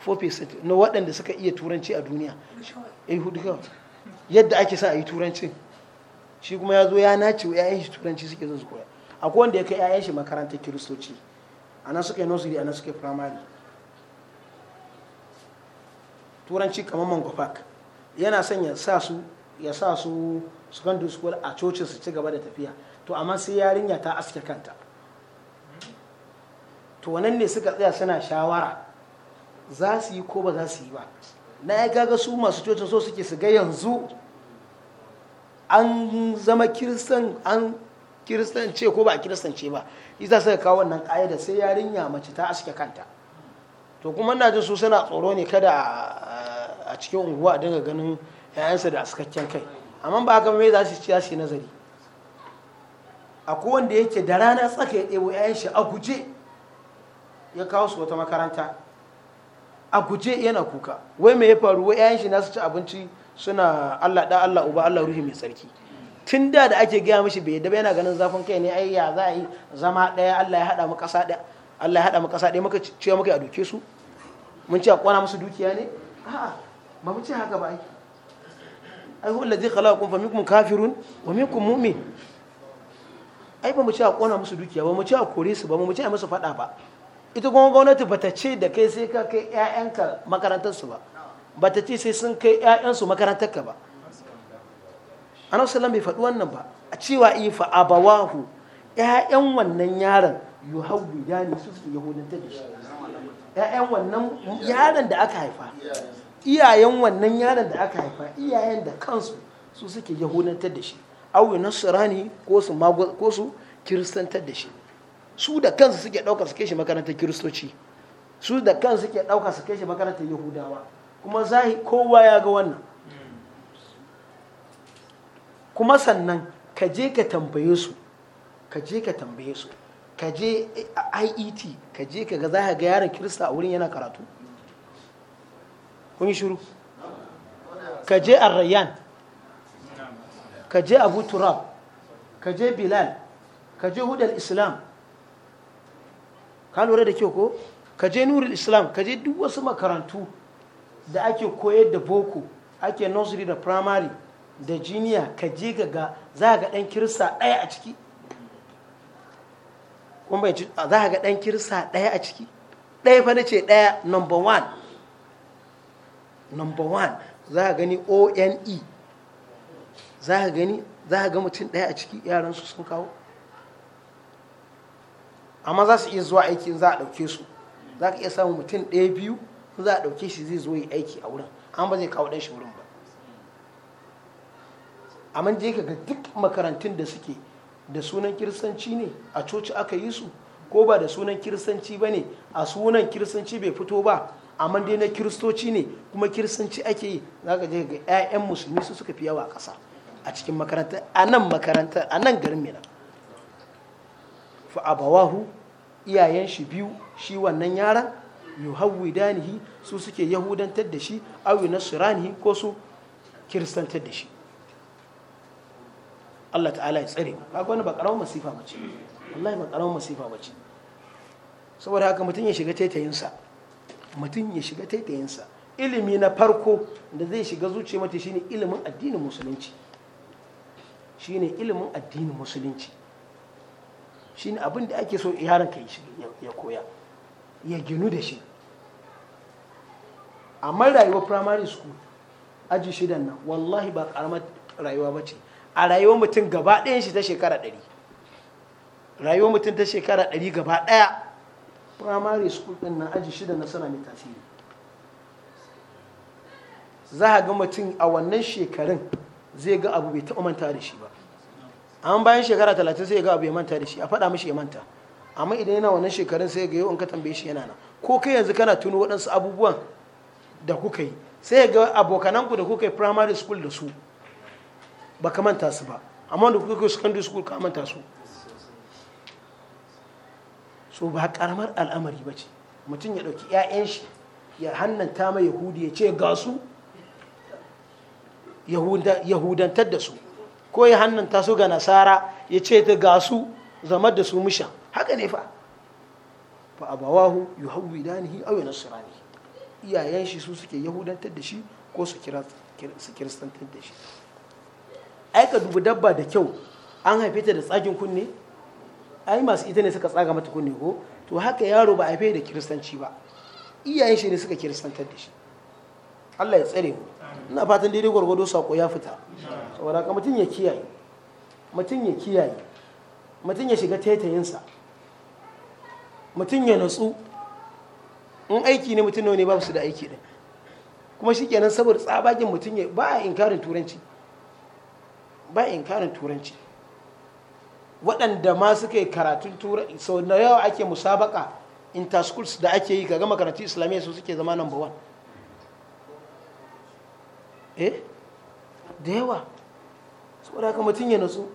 4% na waɗanda suka iya turanci a duniya ya eh, yi hudu kawai yadda ake sa a yi turancin shi kuma ya zo ya nace wa 'ya'yan shi turanci suke zuwa su koya akwai wanda ya kai 'ya'yan shi makarantar kiristoci a nan suka yi nursery a nan suka yi primary turanci kamar mango park yana son ya sa su ya sa su secondary school a cocin su ci gaba da tafiya to amma sai yarinya ta aske kanta to nan ne suka tsaya suna shawara za su yi ko ba za su yi ba na ya gaga su masu cocin so suke su ga yanzu an zama kiristan an kiristance ko ba a kiristance ba isa suka kawo wannan ƙa'ida sai yarinya mace ta aske kanta to kuma na jin su suna tsoro ne kada a cikin unguwa a dinga ganin 'ya'yansa da askakken kai amma ba haka mai za su ci shi nazari akwai wanda yake da rana tsaka ya ɗebo 'ya'yan shi a guje ya kawo su wata makaranta a guje yana kuka wai mai ya faru wai 'ya'yan shi na su ci abinci suna allah da allah uba allah ruhi mai tsarki tun da da ake gaya mishi bai yadda yana ganin zafin kai ne ai ya za a yi zama ɗaya Allah ya haɗa mu ƙasa ɗaya Allah ya haɗa mu ƙasa ɗaya muka ce muka a duke su mun ce a kwana musu dukiya ne a'a ba mu ce haka ba ai ai hu allazi khalaqakum faminkum kafirun wa minkum mu'min ai ba mu ce a kwana musu dukiya ba mu ce a kore su ba mu ce a musu faɗa ba ita kuma gwamnati ba ta ce da kai sai ka kai ƴaƴanka makarantar su ba ba ta ce sai sun kai ƴaƴansu makarantar ka ba annabi sallallahu bai faɗi wannan ba a cewa ifa eh, abawahu ƴaƴan wannan yaron yuhawwidani su su yahudanta da shi ƴaƴan wannan yaron da aka haifa iyayen wannan yaron da aka haifa iyayen da kansu su suke yahudantar da shi awi nasrani ko su ko su kiristantar da shi su da kansu suke ɗauka su kai shi makarantar kiristoci su da kansu suke ɗauka su kai shi makarantar yahudawa kuma zahi kowa ya ga wannan kuma sannan ka je ka tambaye su ka je ka tambaye su ka je IET ka je ka ga za ka ga yaron Kirista a wurin yana karatu kun yi shiru ka je Arrayan ka je Abu Turab ka je Bilal ka je hudar Islam ka lura da kyau ko ka je Nurul Islam ka je duk wasu makarantu da ake koyar da boko ake nursery da primary da jiniya ka je ga za ga ɗan kirista ɗaya a ciki kuma bai za ga ɗan kirista ɗaya a ciki ɗaya fa ce ɗaya number one number one za ka gani one za ka gani za ka ga mutum ɗaya a ciki yaransu sun kawo amma za su iya zuwa aikin za a ɗauke su za ka iya samun mutum ɗaya biyu za a ɗauke shi zai zo yi aiki a wurin an ba zai kawo ɗan shi wurin ba Aman je ka ga duk makarantun da suke da sunan kirsanci ne a coci aka yi su ko ba da sunan kirsanci ba ne a sunan kirsanci bai fito ba amma dai na kiristoci ne kuma kirsanci ake yi za ka je ga 'ya'yan musulmi su suka fi yawa a ƙasa a cikin makaranta a nan makaranta a nan garin mina fa abawahu iyayen shi biyu shi wannan yaran yuhawwidanihi su suke yahudantar da shi awi nasranihi ko su kiristantar da shi Allah ta'ala ya tsare "Ba kaga wani ba karamar masifa bace wallahi ba karamar masifa bace saboda haka mutum ya shiga sa mutun ya shiga sa ilimi na farko da zai shiga zuciya mata shine ilimin addinin musulunci shine ilimin addinin musulunci shine abin da ake so yaron ka ya koya ya ginu da shi amma rayuwar primary school aji shidan nan wallahi ba karamar rayuwa ba ce a rayuwar mutum gaba ɗayan shi ta shekara ɗari rayuwar mutum ta shekara ɗari gaba ɗaya primary school ɗin na aji shida na sana mai tasiri za a ga mutum a wannan shekarun zai ga abu bai taɓa manta da shi ba an bayan shekara talatin sai ga abu ya manta da shi a faɗa mashi ya manta amma idan yana wannan shekarun sai ga yau in ka tambaye shi yana nan ko kai yanzu kana tuno waɗansu abubuwan da kuka yi sai ga abokananku da kuka yi primary school da su ba ka manta su ba amma da kuka kai secondary school ka manta su so ba karamar al'amari ba ce mutum ya ɗauki 'ya'yan shi ya hannanta mai yahudi ya ce ga su yahudantar da su ko ya hannanta su ga nasara ya ce ta ga su zama da su musha haka ne fa fa abawahu yuhawwidanihi na yunasirani iyayen shi su suke yahudantar da shi ko su kiristantar da shi ai ka dubi dabba da kyau an haife ta da tsagin kunne ai masu ita ne suka tsaga mata kunne ko to haka yaro ba a haife da kiristanci ba iyayen shi ne suka kiristantar da shi Allah ya tsare mu ina fatan daidai gwargwado sako ya fita saboda ka mutum ya kiyaye mutum ya kiyaye mutum ya shiga sa mutum ya natsu in aiki ne mutum ne babu su da aiki din kuma shikenan saboda tsabagin mutum ya ba a inkarin turanci ba inkarin turanci waɗanda ma suka yi karatun turanci sau da yawa ake musabaka interschools da ake yi ga gama karatun islamiyya su suke zama number one eh da yawa su saboda haka mutum ya nasu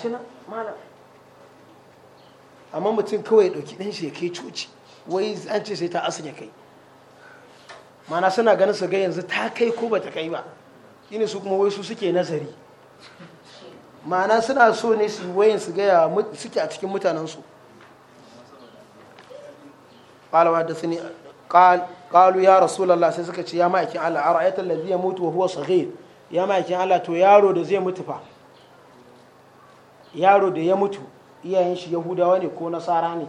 shi na mana amma mutum kawai ya ɗauki ɗan shi ya kai coci wai an ce sai ta asin ya kai mana suna ganin su ga yanzu ta kai ko ba ta kai ba shine su kuma wai su suke nazari mana suna so ne su wayan su ga suke a cikin mutanensu qalawa da sani qalu ya rasulullah sai suka ce ya ma'aikin Allah ara'aita allazi yamutu wa huwa saghir ya ma'aikin Allah to yaro da zai mutu fa yaro da ya mutu iyayen shi yahudawa ne ko nasara ne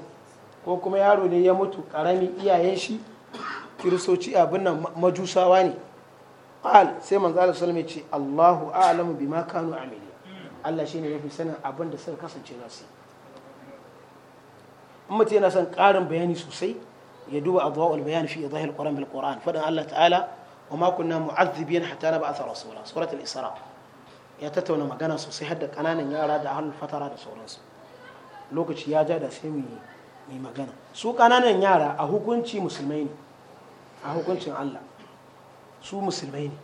ko kuma yaro ne ya mutu karami iyayen shi kiristoci abin nan majusawa ne qal sai manzo Allah sallallahu alaihi ce Allahu a'lamu bima kanu amili Allah shine yafi sanin abin da suka kasance nasu in yana son karin bayani sosai ya duba adwa'ul bayan fi idahil quran bil quran fadan Allah ta'ala wa ma kunna mu'azzibin hatta nab'atha rasula suratul isra ya tattauna magana sosai har da kananan yara da ahlul fatara da sauransu lokaci ya ja da sai mu yi magana su kananan yara a hukunci musulmai ne a hukuncin Allah su musulmai ne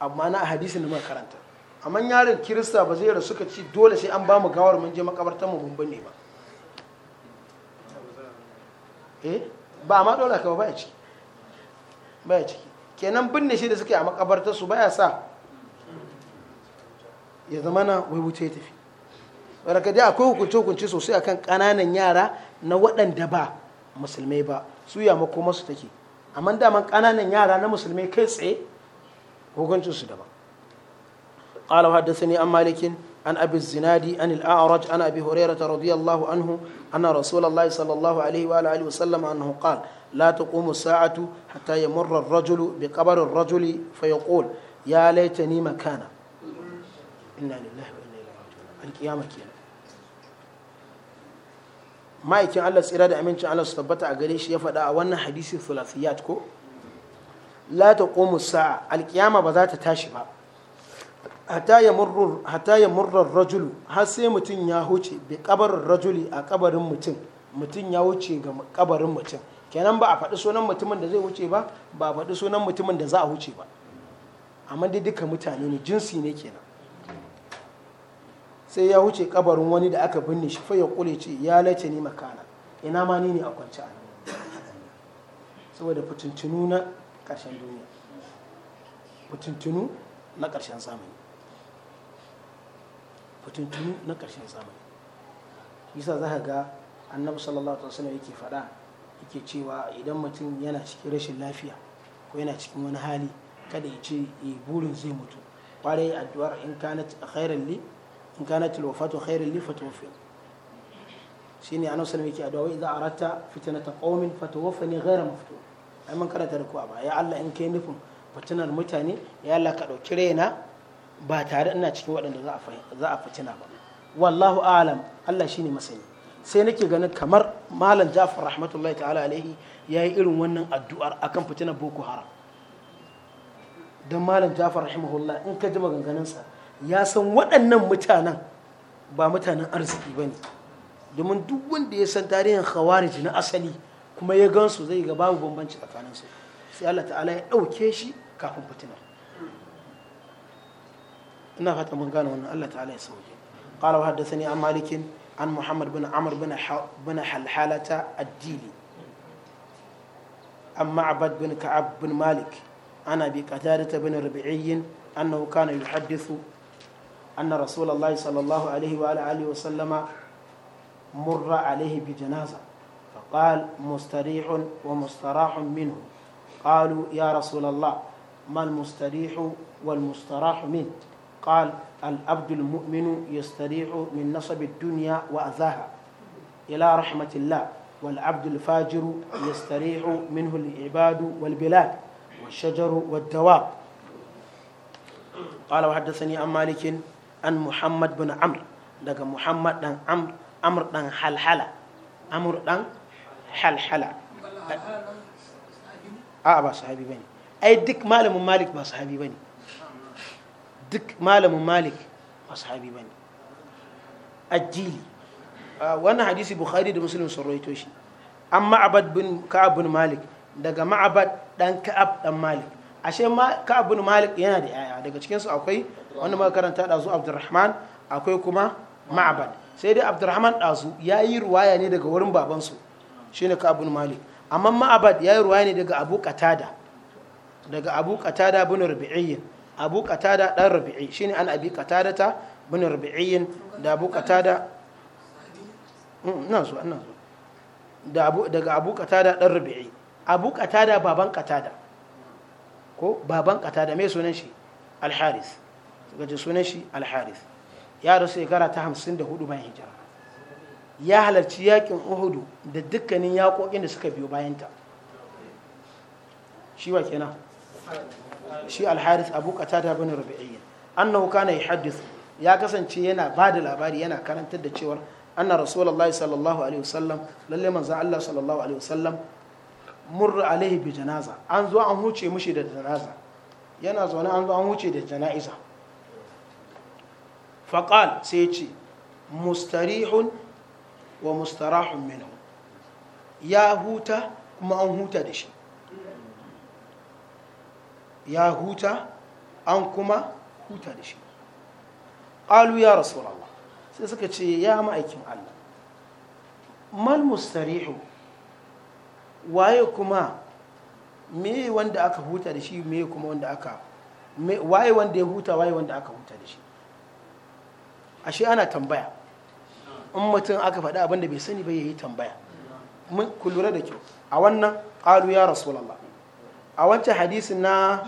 amma na hadisin da muka karanta amma yaron kirista ba zai rasu ka ci dole sai an ba mu gawar mun je makabartar mu mun ne ba eh ba ma dole ka ba ya ciki ba ya ciki kenan binne shi da suka yi a makabartar su baya sa ya zama na wai wuce ya tafi ka dai akwai hukunce-hukunce sosai akan kananan yara na waɗanda ba musulmai ba su ya makoma su take amma daman ƙananan yara na musulmai kai tsaye hukuncinsu daban قال وحدثني عن مالك عن أبي الزنادي عن الأعرج عن أبي هريرة رضي الله عنه أن رسول الله صلى الله عليه وآله وسلم أنه قال لا تقوم الساعة حتى يمر الرجل بقبر الرجل فيقول يا ليتني مكانا إنا لله وإنا إليه راجعون القيامة كينا ma'aikin Allah tsira da amincin Allah su tabbata a gare shi ya faɗa a wannan hadisi thulathiyat ko la taqumu sa'a alkiyama ba za ta tashi ba hataya ya murrar rajulu har sai mutum ya huce bai kabarin rajuli a kabarin mutum mutum ya huce ga kabarin mutum kenan ba a faɗi sunan mutumin da zai huce ba ba a faɗi sunan mutumin da za a huce ba amma dai duka mutane ne jinsi ne kenan sai ya wuce kabarin wani da aka binne shi fa ya kule ce ya lace ni makana ina ma ni ne a kwance a saboda fitintunu na ƙarshen duniya fitintunu na ƙarshen zamani fitintunu na ƙarshen zamani yisa za ka ga annabi sallallahu alaihi wasallam yake faɗa yake cewa idan mutum yana cikin rashin lafiya ko yana cikin wani hali kada ya ce eh, burin zai mutu kwarai addu'ar in kanat khairan li in kana tilwafatu khairin li fatuwafi shi ne anu salmi ke adawa idan arata fitina ta ƙaumin fatuwafa ne gaira mafito ai man karanta da kuwa ba ya Allah in kai nufin mutane ya Allah ka ɗauki raina ba tare ina cikin waɗanda za a fitina ba wallahu alam Allah shine masani sai nake ganin kamar malam Jafar rahmatullahi ta'ala alaihi yayi irin wannan addu'ar akan fitinar Boko Haram dan malam Jafar rahimahullah in ka ji maganganunsa ya san waɗannan mutanen ba mutanen arziki ba ne domin duk wanda ya san tarihin khawarij na asali kuma ya gansu zai ga babu bambanci tsakaninsu sai Allah ta'ala ya ɗauke shi kafin fitinar ina fata mun gane wannan Allah ta'ala ya sauke qala wa haddathani an malikin an muhammad bin amr bin bin halhalata ad-dili an ma'bad bin ka'ab bin malik ana bi qatadata bin rabi'i annahu kana yuhaddithu أن رسول الله صلى الله عليه وآله وسلم مر عليه بجنازة فقال مستريح ومستراح منه قالوا يا رسول الله ما المستريح والمستراح منه قال الأبد المؤمن يستريح من نصب الدنيا وأذاها إلى رحمة الله والعبد الفاجر يستريح منه العباد والبلاد والشجر والدواب قال وحدثني عن مالك an muhammad bin amr daga muhammad dan amr dan halhala amr dan halhala a'a ba sahabi bane ai duk malamin malik ba sahabi bane duk malamin malik ba sahabi bane ajili wannan hadisi bukhari da muslim sun rawaito shi an ma'abad bin ka'ab bin malik daga ma'abad dan ka'ab dan malik ashe ka'ab bin malik yana da yaya daga cikin su akwai wanda muka karanta ɗazu abdurrahman akwai kuma ma'abad sai dai abdurrahman ɗazu ya yi ruwaya ne daga wurin babansu shi ne ka'abun malik amma ma'abad ya yi ruwaya ne daga abu katada daga abu katada bin rubi'iyyin abu katada ɗan rubi'i shi ne an abi katada ta bin rubi'iyyin da abu katada mm, daga abu katada ɗan rubi'i abu katada baban katada ko baban katada mai sunan shi alharis daga sunan shi alharis ya rasu shekara ta hamsin da hudu bayan hijira ya halarci yakin uhudu da dukkanin yakokin da suka biyo bayanta shi wa kenan shi alharis abu ta qatada bin rubi'iyyin annahu kana yuhaddith ya kasance yana ba da labari yana karantar da cewar anna rasulullahi sallallahu alaihi wasallam lalle manzon Allah sallallahu alaihi wasallam murra alaihi bi janaza an zo an huce mushi da janaza yana zaune an zo an huce da jana'iza faƙal sai ce mustarihun wa mustarahun minhu ya huta kuma an huta da shi ya huta an kuma huta da shi ƙalu ya rasulallah sai suka ce ya ma'aikin Allah mal mustarihu waye kuma me wanda aka huta da shi me kuma wanda aka waye wanda ya huta waye wanda aka huta da shi ashe ana tambaya in mutum aka faɗi abin da bai sani ba yi tambaya mun ku lura da kyau a wannan ƙalu ya rasulullah a wancan hadisin na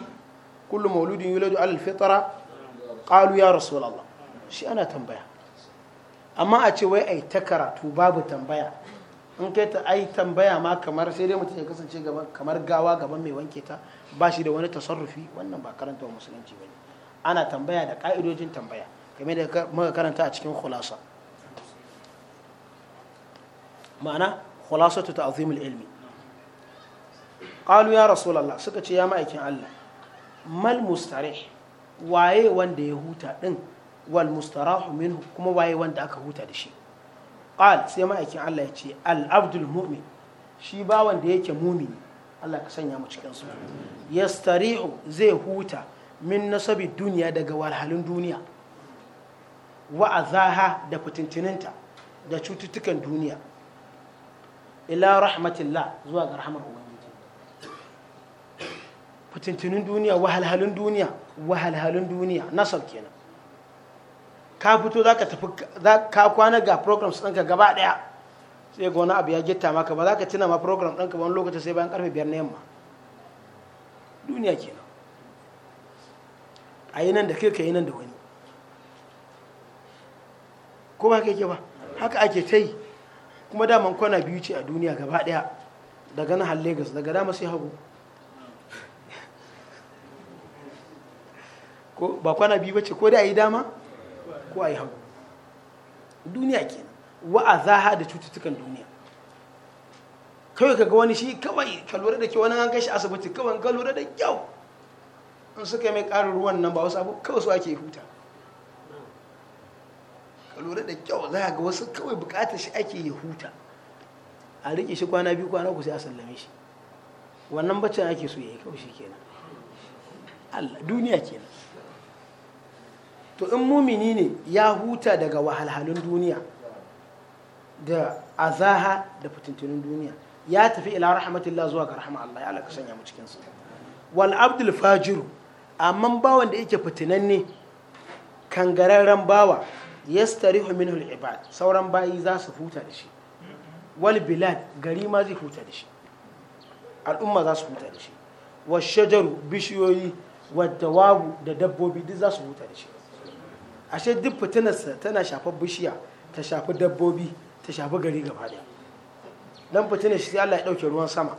kullum mauludin yuladu alal fitra qalu ya rasulullah shi ana tambaya amma a ce wai ai ta karatu babu tambaya in kai ta ai tambaya ma kamar sai dai mutum ya kasance kamar gawa gaban mai wanke ta ba shi da wani tasarrufi wannan ba karanta wa musulunci ba ana tambaya da ka'idojin tambaya game da muka karanta a cikin khulasa ma'ana ta ta'zimul ilmi qalu ya rasulullah suka ce ya ma'aikin Allah mal mustarih waye wanda ya huta din wal mustarahu minhu kuma waye wanda aka huta da shi qal sai ma'aikin Allah ya ce al abdulmumin mu'min shi ba wanda yake mumini Allah ka sanya mu cikin su yastarihu zai huta min nasabi duniya daga walhalin duniya wa'azaha da fitintininta da cututtukan duniya ila rahmatillah zuwa ga rahmar ubangiji fitintinin duniya wahalhalun duniya wahalhalun duniya nasar kenan ka fito za ka tafi ka kwana ga programs ɗinka gaba ɗaya sai ga wani abu ya gitta maka ba za ka tuna ma program ɗinka wani lokaci sai bayan karfe biyar na yamma duniya kenan a yi nan da kai ka yi nan da wani ko ba kake ba haka ake ta yi kuma daman kwana biyu ce a duniya gaba daya daga na har Legas daga dama sai hagu ko ba kwana biyu bace ko da ayi dama ko ayi hagu duniya ke wa'azaha da cututtukan duniya kawai ka ga wani shi kawai ka lura da ke wani an kashi asibiti kawai ka lura da kyau in suka mai karin ruwan nan ba wasu abu kawai su ake huta ka lura da kyau za ga wasu kawai bukatar shi ake ya huta a rike shi kwana biyu kwana ku sai a sallame shi wannan baccin ake so ya yi kawai shi kenan Allah duniya kenan to in mumini ne ya huta daga wahalhalun duniya da azaha da fitintunin duniya ya tafi ila rahmatullah zuwa ga rahama Allah ya alaka sanya mu cikinsu. su wal abdul fajiru amma bawan da yake fitinanne kangararren bawa yastarihu minhu al-ibad sauran bayi za su huta da shi wal bilad gari ma zai huta da shi al'umma za su huta da shi wa shajaru bishiyoyi wa dawabu da dabbobi duk za su huta da shi ashe duk fitinarsa tana shafa bishiya ta shafi dabbobi ta shafi gari gaba daya dan fitinar shi sai Allah ya dauke ruwan sama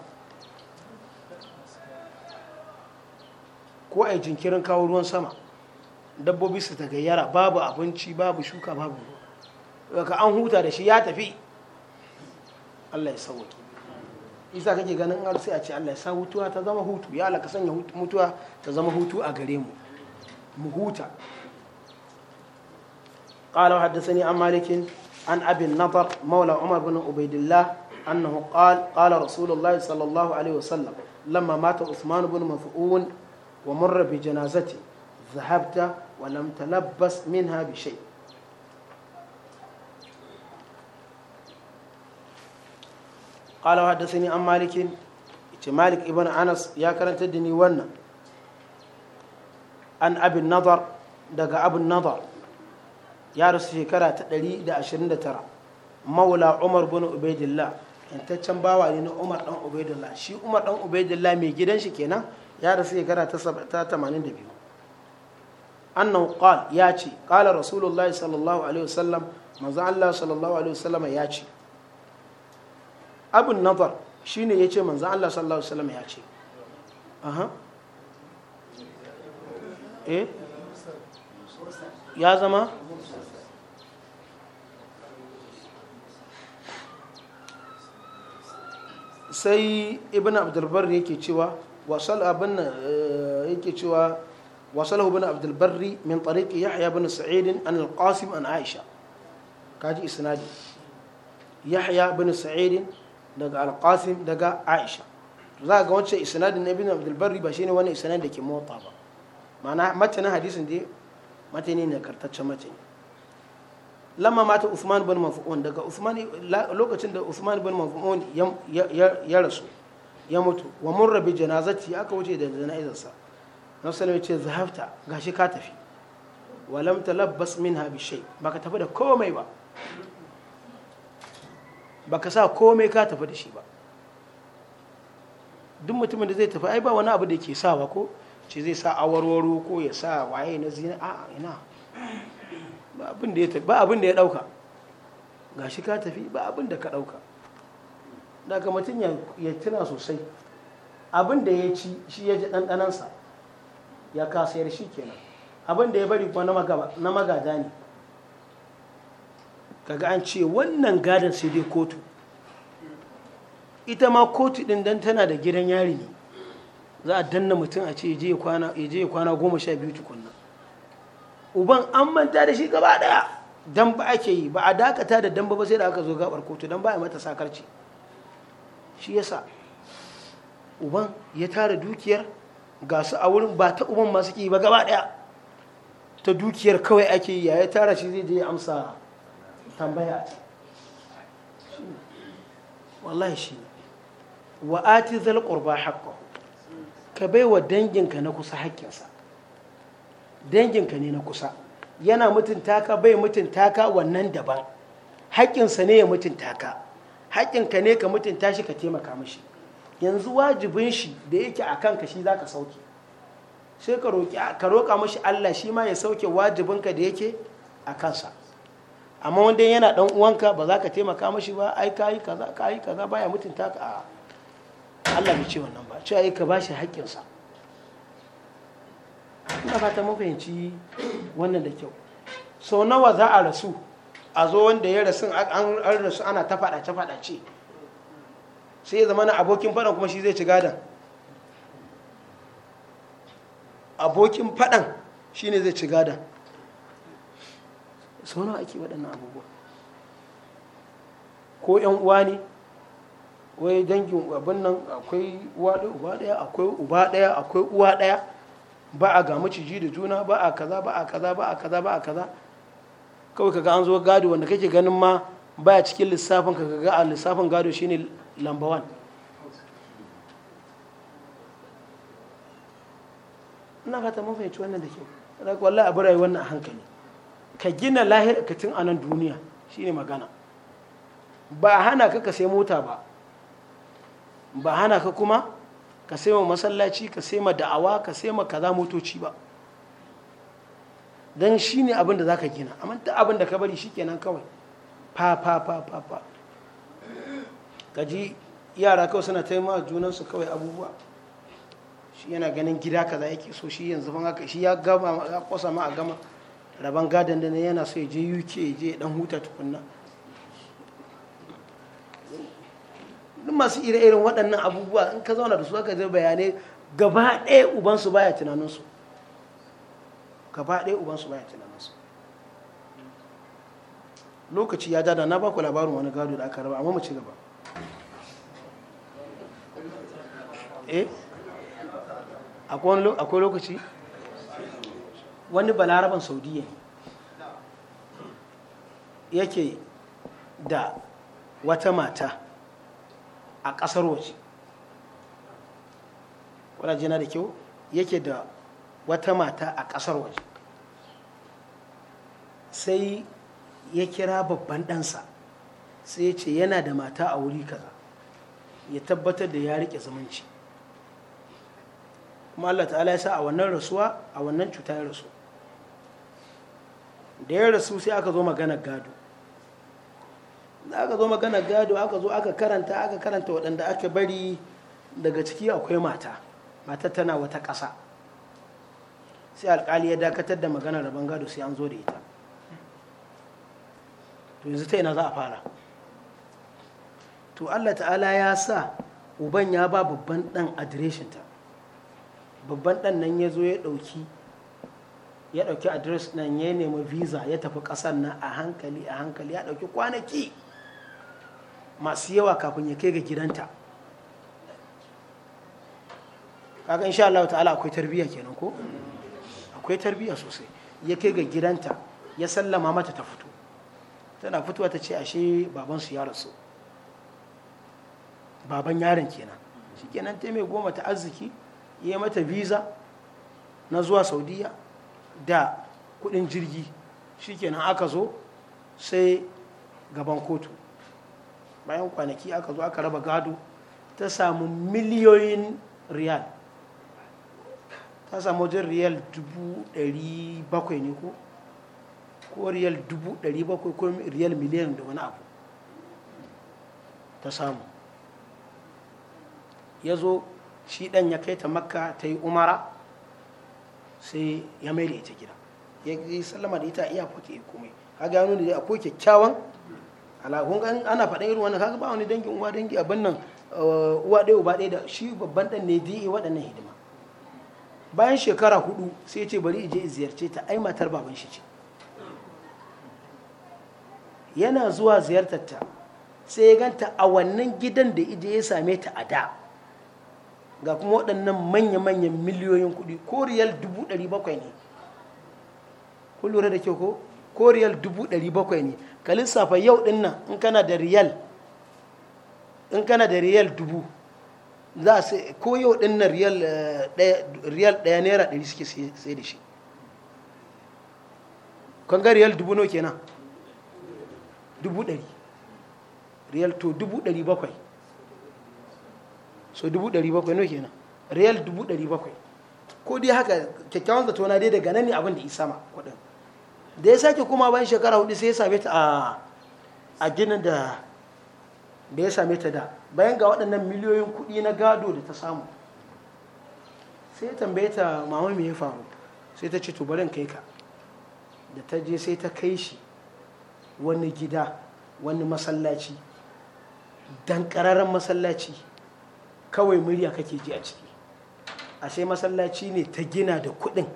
ko ai jinkirin kawo ruwan sama dabbobi su gayyara babu abinci babu shuka babu ka an huta da shi ya tafi Allah ya sauwa isa kake ganin an sai a ce Allah ya sa hutuwa ta zama hutu ya Allah ka sanya mutuwa ta zama hutu a gare mu mu huta قال وحدثني عن مالك عن ابي النضر مولى عمر بن عبيد الله انه قال قال رسول الله صلى الله عليه وسلم لما مات عثمان بن مفعون ومر بجنازته ذهبت ولم تلبس منها بشيء قال وحدثني عن مالك مالك ابن انس يا كرنت الدني ون عن ابي النظر دقى ابو النظر يا رسول كرة تدلي دا عشرين ترى مولى عمر بن عبيد الله intaccen bawa ne na umar dan ubaidullah shi umar dan ubaidullah mai gidan shi kenan ya rasu shekara ta 82 annahu qal ya ce qala rasulullahi sallallahu alaihi wasallam manzo Allah sallallahu alaihi wasallam ya ce Abin nazar shine yace manzo Allah sallallahu alaihi wasallam ya ce aha eh ya zama sai ibn abdulbar ne yake cewa wasal abin eh, yake cewa وصله بن عبد البر من طريق يحيى بن سعيد عن القاسم عن عائشة كاجي إسنادي يحيى بن سعيد دقى القاسم دقى عائشة za ga wancan isnadin na ibn abdul barri ba shine wani isnadin da ke motsa ba ma'ana matanin hadisin dai matani ne kartaccen matani lamma mata lokacin da Uthman bin Maf'un ya rasu ya mutu wa murra bi janazati aka wuce da jana'izarsa na salama ce ga shi ka tafi walam Labbas, min habi shai ka tafi da komai ba Ba ka sa komai ka tafi da shi ba duk mutumin da zai tafi ai ba wani abu da ke sa ba ko ce zai sa awarwaro ko ya sa waye na zina a ina ba abin da ya dauka Ga shi ka tafi ba abin da ka dauka daga mutum ya tuna sosai abin da ya ci shi ya ji ɗanɗanansa ya kasayar shi kenan abin da ya bari kuma na magada ne kaga an ce wannan gadon sai dai kotu ita ma kotu din dan tana da gidan yari ne za a danna mutum a ce je ya kwana goma sha biyu tukunna uban an manta da shi gaba daya dan ba ake yi ba a dakata da damba ba sai da aka zo gabar kotu dan ba a mata sakarci shi yasa uban ya tara dukiyar ga su a wurin ba ta uban masu ki ba gaba daya ta dukiyar kawai ake yi Yayi tara shi zai je amsa tambaya wallahi shi wa ati zal qurba ka bai wa danginka na kusa haƙƙinsa danginka ne na kusa yana mutunta ka bai mutunta ka wannan daban haƙƙinsa ne ya mutunta ka haƙƙinka ne ka mutunta shi ka taimaka mashi yanzu wajibin shi da yake a kanka shi za ka sauke sai ka roƙa mashi Allah shi ma ya sauke wajibinka da yake a kansa amma wanda yana ɗan uwanka ba za ka taimaka mashi ba ai ka yi kaza ka yi kaza baya mutunta ka a Allah bai ce wannan ba ce ai ka bashi haƙƙinsa ina fata wannan da kyau sau nawa za a rasu a zo wanda ya rasu an rasu ana ta faɗace faɗace sai ya zama na abokin faɗan kuma shi zai ci gadon abokin faɗan shi ne zai ci gadon sau nawa ake waɗannan abubuwa ko yan uwa ne wai dangin abin nan akwai uwa ɗaya uba akwai uba ɗaya akwai uwa ɗaya ba a gama ciji da juna ba a kaza ba a kaza ba a kaza ba a kaza kawai kaga an zo gado wanda kake ganin ma baya cikin lissafin ka kaga a lissafin gado shine lamba one. ina fata mun fahimci wannan da ke raka wallahi abu rayuwar wannan hankali ka gina lahir ka tun a nan duniya shine magana ba hana ka ka sai mota ba ba hana ka kuma ka sai ma masallaci ka sai ma da'awa ka sai ma kaza motoci ba don shi ne abin da za ka gina amma ta abin da ka bari shi kenan kawai fa fa fa fa fa kaji yara kawai suna taimaka junansu kawai abubuwa shi yana ganin gida kaza yake so shi yanzu ban haka shi ya gama a kosa ma a gama rabon gadon da yana so ya je UK ya je dan huta tukunna duk masu iri irin waɗannan abubuwa in ka zauna da su aka zai bayanai gaba ɗaya ubansu baya tunaninsu gaba ɗaya ubansu baya tunaninsu lokaci ya dada na baku labarin wani gado da aka raba amma mu ci gaba eh akwai lokaci wani balaraban saudiya yake da wata mata a ƙasar waje jina da kyau yake da wata mata a ƙasar waje sai ya kira babban ɗansa sai ya ce yana da mata a wuri kaza ya tabbatar da ya riƙe zumunci kuma Allah ta'ala ya sa a wannan rasuwa a wannan cuta ya rasu da ya rasu sai aka zo maganar gado da aka zo maganar gado aka zo aka karanta aka karanta waɗanda aka bari daga ciki akwai mata mata tana wata ƙasa sai alƙali ya dakatar da maganar rabon gado sai an zo da ita to yanzu ta ina za a fara to Allah ta'ala ya sa uban ya ba babban ɗan adireshinta babban ɗan nan ya zo ya ɗauki ya ɗauki adres nan ya nemi visa ya tafi ƙasar nan a hankali a hankali ya ɗauki kwanaki masu yawa kafin ya kai ga gidanta kaga insha Allah ta'ala akwai tarbiyya kenan ko akwai tarbiyya sosai ya kai ga gidanta ya sallama mata ta fito tana fitowa ta ce ashe baban su ya rasu baban yaron kenan shikenan ta mai goma ta arziki ya mata visa na zuwa saudiya da kudin jirgi shi shikenan aka zo sai gaban kotu bayan kwanaki aka zo aka raba gado ta samu miliyoyin riyal ta samu wajen riyal 700 ne ko ko riyal 700 ko riyal miliyan da wani abu ta samu ya zo shi ɗan ya kai ta makka ta yi umara sai ya mai da ita gida ya yi sallama da ita iya fata ya komai kaga ya da ya akwai kyakkyawan alaƙun kan ana faɗin irin wannan kaga ba wani dangin uwa dangi abin nan eh, uwa ɗaya uba ɗaya da shi babban ɗan ne da waɗannan hidima bayan shekara hudu sai ce bari je ziyarce ta ai matar baban shi ce yana zuwa ziyartar ta sai ya ganta a wannan gidan da ije ya same ta a da ga kuma waɗannan manya-manyan miliyoyin kuɗi ko riyal dubu ɗari bakwai ne kun lura da kyau ko ko riyal dubu ɗari bakwai ne ka lissafa yau ɗin nan in kana da riyal in kana da riyal dubu za a sai ko yau ɗin nan riyal eh, ɗaya naira ɗari suke sai da shi kan ga riyal dubu nau kenan dubu ɗari riyal to dubu ɗari bakwai so bakwai no kenan riyal bakwai ko dai haka kyakkyawan zato na dai daga nan ne abin da isa ma kudin da ya sake kuma bayan shekara hudu sai ya same ta a ginin da da ya same ta da bayan ga waɗannan miliyoyin kuɗi na gado da ta samu sai ya tambaye ta mama me ya faru sai ta ce to barin kai ka da ta je sai ta kai shi wani gida wani masallaci dan ƙararren masallaci kawai murya kake ji a ciki ashe masallaci ne ta gina da kuɗin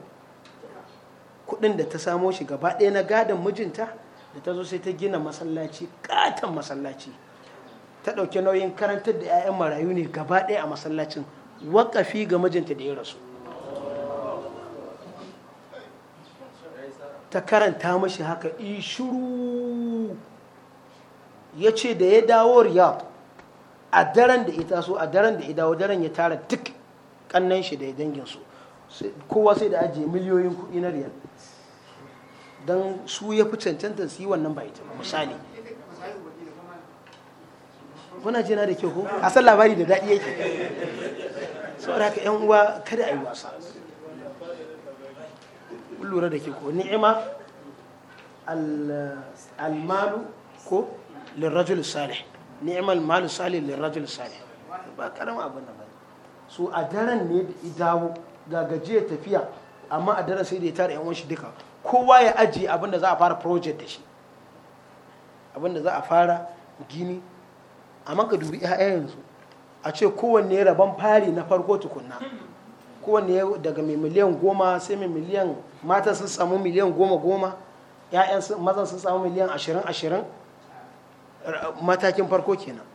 kuɗin da ta samo shi gaba ɗaya na gadon mijinta da ta zo sai ta gina masallaci katon masallaci ta ɗauki nauyin karantar da 'ya'yan marayu ne gaba ɗaya a masallacin waƙafi ga mijinta da ya rasu ta karanta mashi haka ishuru ya ce da ya dawo riyadh a daren da ita so a daren da idawo daren ya tara duk kannan shi da dangin su kowa sai da ajiye miliyoyin kuɗi na riyal don su ya fi cancanta su yi wannan ba ita misali kuna jina da kyau ko a san labari da daɗi yake saboda haka yan uwa kada a yi wasa lura da ke ko ni'ima almalu ko lirrajul salih ni'mal malu salih lil rajul salih ba karama abin da bane so a daren ne da idawo ga gajiya tafiya amma a daren sai da ya tara yan shi duka kowa ya aji abin da za a fara project da shi abin da za a fara gini amma ka dubi yanzu a ce kowanne rabon fari na farko tukunna kowanne daga mai miliyan goma sai mai miliyan mata sun samu miliyan goma goma 'ya'yan mazan sun samu miliyan ashirin ashirin matakin farko kenan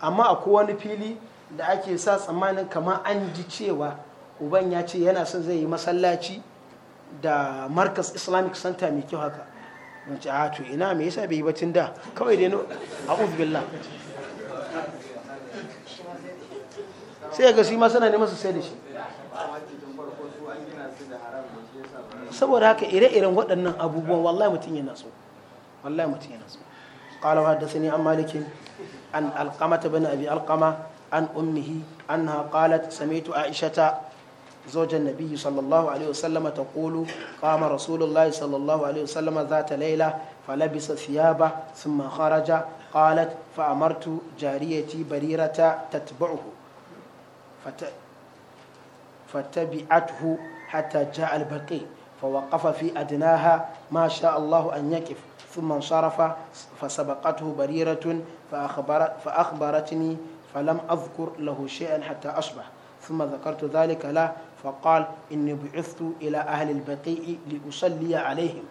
amma a wani fili da ake sa tsammanin kama an ji cewa uban ya ce yana son zai yi masallaci da markas islamic center mai kyau haka wace a to ina me yasa bai yi bacin da kawai dai a billah sai ga shi masana ne masu sai da shi saboda haka ire-iren waɗannan abubuwan wallahi mutum yana so wallahi mutum yana so قال وحدثني عن مالك عن القمة بن أبي القمة عن أمه أنها قالت سمعت عائشة زوج النبي صلى الله عليه وسلم تقول قام رسول الله صلى الله عليه وسلم ذات ليلة فلبس ثيابه ثم خرج قالت فأمرت جاريتي بريرة تتبعه فت... فتبعته حتى جاء البقيع فوقف في أدناها ما شاء الله أن يقف ثم انصرف فسبقته بريرة فأخبرتني فلم أذكر له شيئا حتى أصبح ثم ذكرت ذلك له فقال إني بعثت إلى أهل البقيع لأصلي عليهم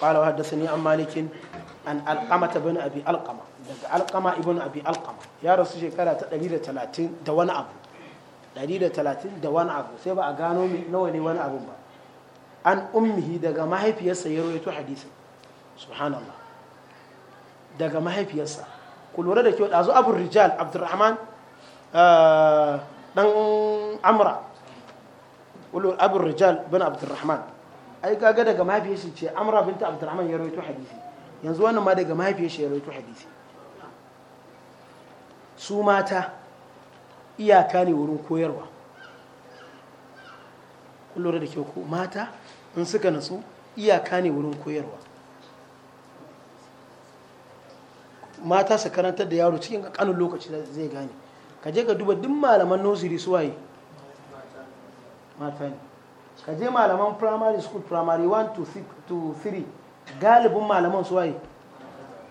قال وحدثني عن مالك عن القمة بن أبي القمة القمة ابن أبي القمة يا رسول شكرا تدليل ثلاثين دوان أبو دليل ثلاثين دوان أبو سيبا أغانو نواني وان أبو با an ummihi daga mahaifiyarsa ya rawaito hadisin subhanallah daga mahaifiyarsa ku lura da kyau dazu abu rijal abdurrahman eh, ɗan amra abu rijal bin abdurrahman ai kaga daga mahaifiyarsa ce amra binta abdurrahman ya rawaito hadisi yanzu wannan ma daga mahaifiyarsa ya rawaito hadisi su mata iyaka ne wurin koyarwa kun lura da kyau ko mata in suka nutsu iyaka ne wurin koyarwa mata su karantar da yaro cikin kanun lokaci zai gane ka je ka duba duk malaman nursery su waye mata ne ka je malaman primary school primary 1 to 3 galibin malaman su waye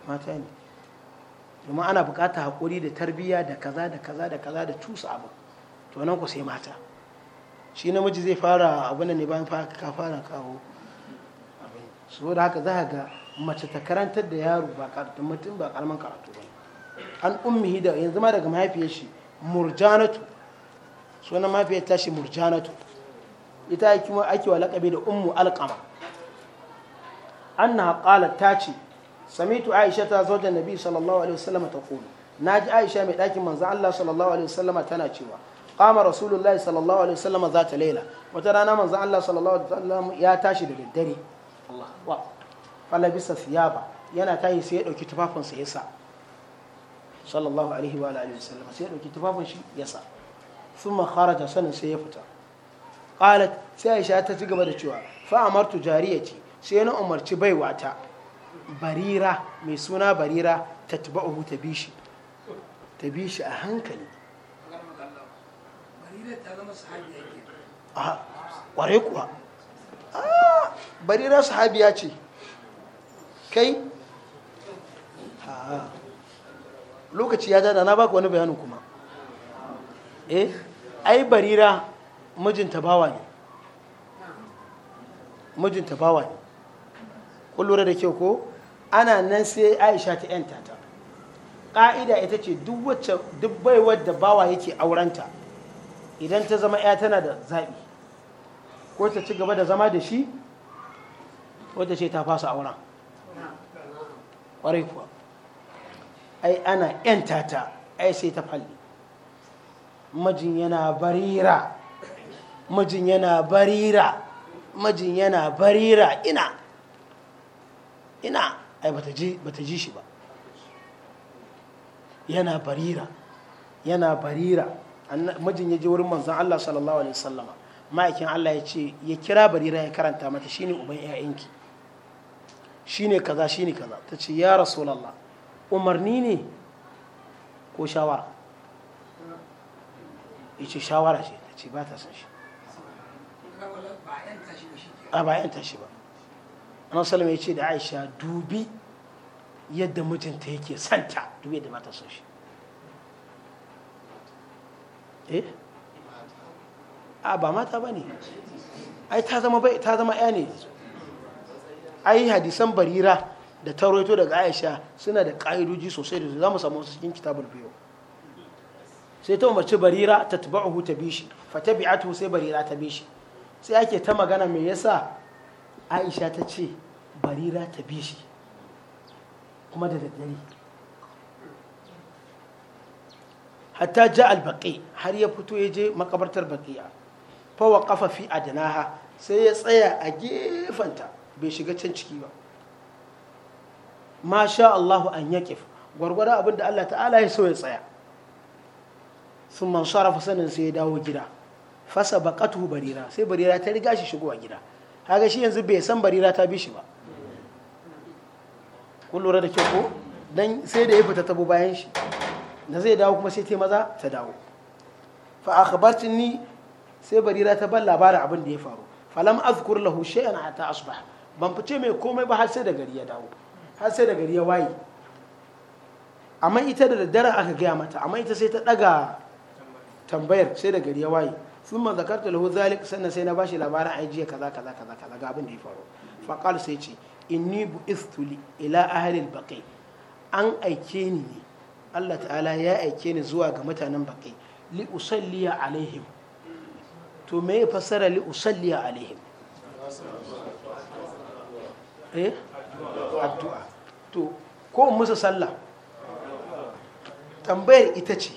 mata ne domin ana bukata haƙuri da tarbiyya da kaza da kaza da kaza da cusa abu to nan ku sai mata shi namiji zai fara abin ne bayan ka fara kawo saboda haka za ga mace ta karantar da yaro ba karatu mutum ba karaman karatu ba an ummihi da yanzu ma daga mahaifiyar shi murjanatu sunan mahaifiyar tashi murjanatu ita ake wa ake wa laƙabi da ummu alqama annaha qalat ta ce samitu aisha ta zo zaujan nabi sallallahu alaihi wasallam ta Na naji aisha mai ɗakin manzon Allah sallallahu alaihi wasallam tana cewa qama rasulullahi sallallahu alaihi wasallam za ta laila wata rana manzon Allah sallallahu alaihi wasallam ya tashi da daddare Allah wa fala bisa thiyaba yana tashi sai ya dauki tufafin sa yasa sallallahu alaihi wa alihi wasallam sai ya dauki tufafin shi yasa thumma kharaja sanin sai ya fita qalat sai Aisha ta ci gaba da cewa fa amartu jariyati sai na umarci baiwata barira mai suna barira ta tuba uhu ta bishi. ta bishi a hankali a ƙware kuwa a ah, barira sahabiya ce kai lokaci ya jada na baka wani bayanin kuma eh ai barira mijinta bawa ne mijinta bawa ne kun da kyau ko ana nan sai aisha ta yanta ta ƙa'ida ita ce duk baiwar da bawa yake aurenta idan ta zama ya tana da zaɓi ko ta ci gaba da zama da shi ko ta ce ta fasa auren ƙwarai kuwa ai ana ‘yanta ta ai sai ta falle majin yana barira majin yana barira majin yana barira ina ina ai bata ji shi ba yana barira yana barira majin ya je wurin manzon Allah sallallahu alaihi wasallama ma'aikin Allah ya ce ya kira barira ya karanta mata shine uban ƴaƴanki shine kaza shine kaza ta ce ya rasulullah umarni ne ko shawara ya ce shawara ce ta ce ba ta san shi a ba yanta shi ba an salama ya ce da aisha dubi yadda mijinta yake santa dubi yadda ba ta san shi eh a ba mata ba ne ai ta zama bai ta zama ya ne ai hadisan barira da taroito daga aisha suna da ƙa'idoji sosai da za mu samu su cikin kitabul biyu sai ta umarci barira ta uhu ta bishi fata fa sai barira ta bishi sai ake ta magana me yasa aisha ta ce barira ta bishi kuma da daddare hatta ja albaqi har ya fito ya je makabartar baqiya fa waqafa fi adnaha sai ya tsaya a gefanta bai shiga can ciki ba masha Allahu an yaqif gwargwara abin da Allah ta'ala ya so ya tsaya sun man sharafa sanin sai ya dawo gida fasa baqatuhu barira sai barira ta riga shi shigowa gida kaga shi yanzu bai san barira ta bi shi ba kun lura da kyau ko dan sai da ya fita tabo bayan shi da zai dawo kuma sai ta maza ta dawo fa akhbartni sai barira ta ban labarin abin da ya faru falam azkur lahu shay'an hatta asbah ban fice mai komai ba har sai da gari ya dawo har sai da gari ya waye amma ita da daddare aka gaya mata amma ita sai ta daga tambayar sai da gari ya waye sun ma zakarta lahu zalik sannan sai na bashi labarin aijiya kaza kaza kaza kaza ga abin da ya faru faqal sai ce inni bu'istu li ila ahli al-baqi an aike ni ne Allah ta'ala ya aike ni zuwa ga mutanen baƙi li usalliya alaihim to me fasara li usalliya alaihim eh addu'a to ko musu sallah tambayar ita ce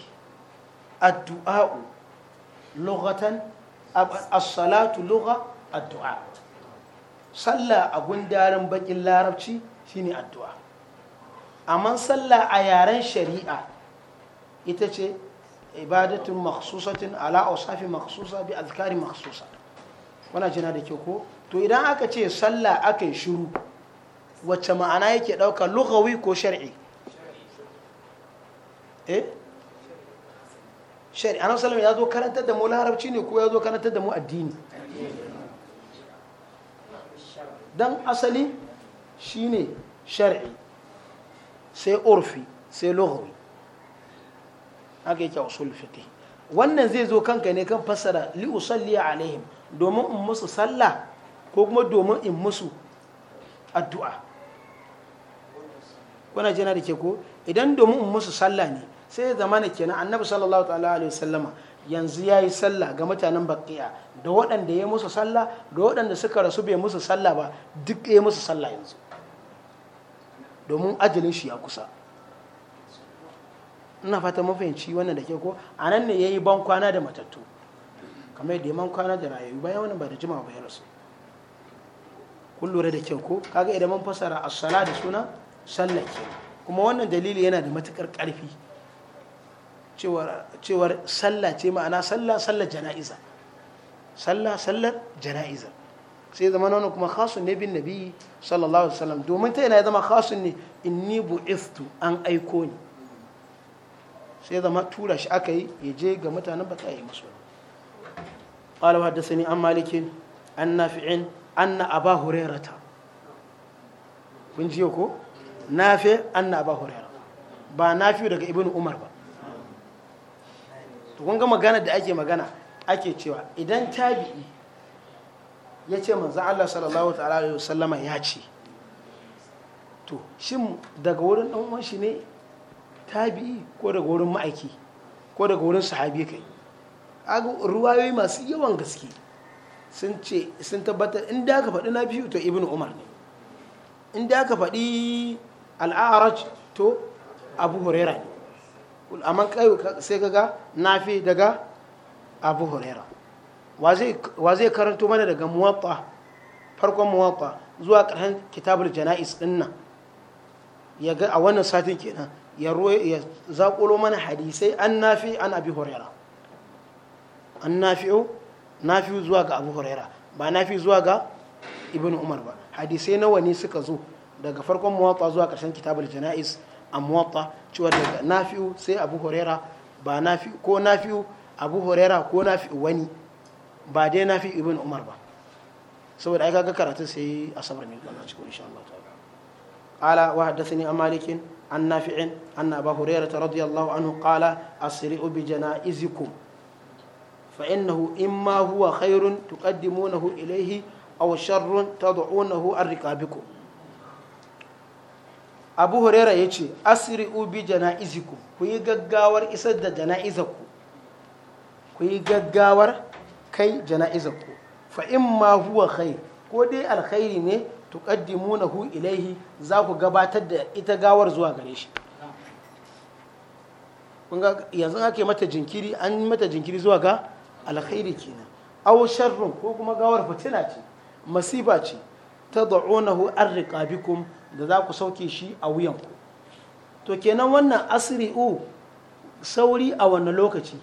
addu'a'u lughatan as-salatu lugha addu'a sallah a gundarin bakin larabci shine addu'a amma sallah a yaren shari'a ita ce ibadatun maksusatin ala ausafi maksusa bi azkari maksusa wana jina da ke ko to idan aka ce sallah aka yi shuru wacce ma'ana yake ɗauka lugawi ko shari'i eh shari'a na salama ya zo karantar da mu larabci ne ko ya zo karantar da mu addini dan asali shine shari'i sai urfi sai lughawi haka yake usul fiqh wannan zai zo kanka ne kan fassara li usalli alaihim domin in musu sallah ko kuma domin in musu addu'a kuna jina da ke ko idan domin in musu sallah ne sai ya zama kenan annabi sallallahu alaihi wasallama yanzu ya yi sallah ga mutanen bakiya da waɗanda ya musu sallah da waɗanda suka rasu bai musu sallah ba duk ya musu sallah yanzu domin ajalin shi ya kusa ina fata mafahimci wannan da ke ko a nan ne ya yi ban kwana da matattu kamar yadda ya ban kwana da rayayyu bayan wani ba da jima ba ya rasu kun da kyau ko kaga idan man fasara a da suna sallah ke kuma wannan dalili yana da matukar karfi cewar cewar ce ma'ana sallah sallar sallar jana'izar. sai zama nan kuma khasun ne bin nabi sallallahu alaihi wasallam domin ta yana ya zama khasun ne inni bu'istu an aiko ni sai zama tura shi aka yi ya je ga mutanen ba ta yi musu Sani an عن an عن an na أبا هريرة kun ji ko nafi na ba huraira ba nafi daga ibn umar ba to kun ga magana da ake magana ake cewa idan tabi'i ya ce manzan Allah sallallahu alaihi wasallama ya ce to shin daga wurin ɗan uwan shi ne tabi'i ko daga wurin ma'aiki ko daga wurin sahabi kai ruwayoyi masu yawan gaske sun ce sun tabbatar in da aka faɗi na biyu to ibnu umar ne in da aka faɗi al'araj to abu huraira ne amma sai kaga nafi daga abu huraira wa zai karanto mana daga muwatta farkon muwatta zuwa ƙarshen kitabul jana'is dinna ya ga a wannan satin kenan ya ya zaƙulo mana hadisai an nafi an abi huraira an nafi'u nafi zuwa ga abu huraira ba nafi zuwa ga ibn umar ba hadisai nawa ne suka zo daga farkon muwatta zuwa ƙarshen kitabul jana'is a muwatta cewa daga nafi'u sai abu huraira ba nafi ko nafi'u abu huraira ko nafi'u wani ba dai na fi ibn umar ba saboda ai kaga karatun sai asabar ne kana cikin insha Allah ta'ala ala wa hadathani amalikin an nafi'in anna abu hurairah radiyallahu anhu qala asri'u bi janaizikum fa innahu imma huwa khairun tuqaddimunahu ilayhi aw sharrun tad'unahu arriqabikum abu hurairah yace asri'u bi janaizikum ku yi gaggawar isar da jana'izaku ku yi gaggawar kai jana'izar ku fa ma huwa khair ko dai alkhairi ne hu ilaihi za ku gabatar da ita gawar zuwa gare shi yanzu ake mata jinkiri an mata jinkiri zuwa ga alkhairi kenan aw sharrun ko kuma gawar fitina ce masifa ce ta da'unahu an kum da za ku sauke shi a wuyanku to kenan wannan asri'u sauri a wannan lokaci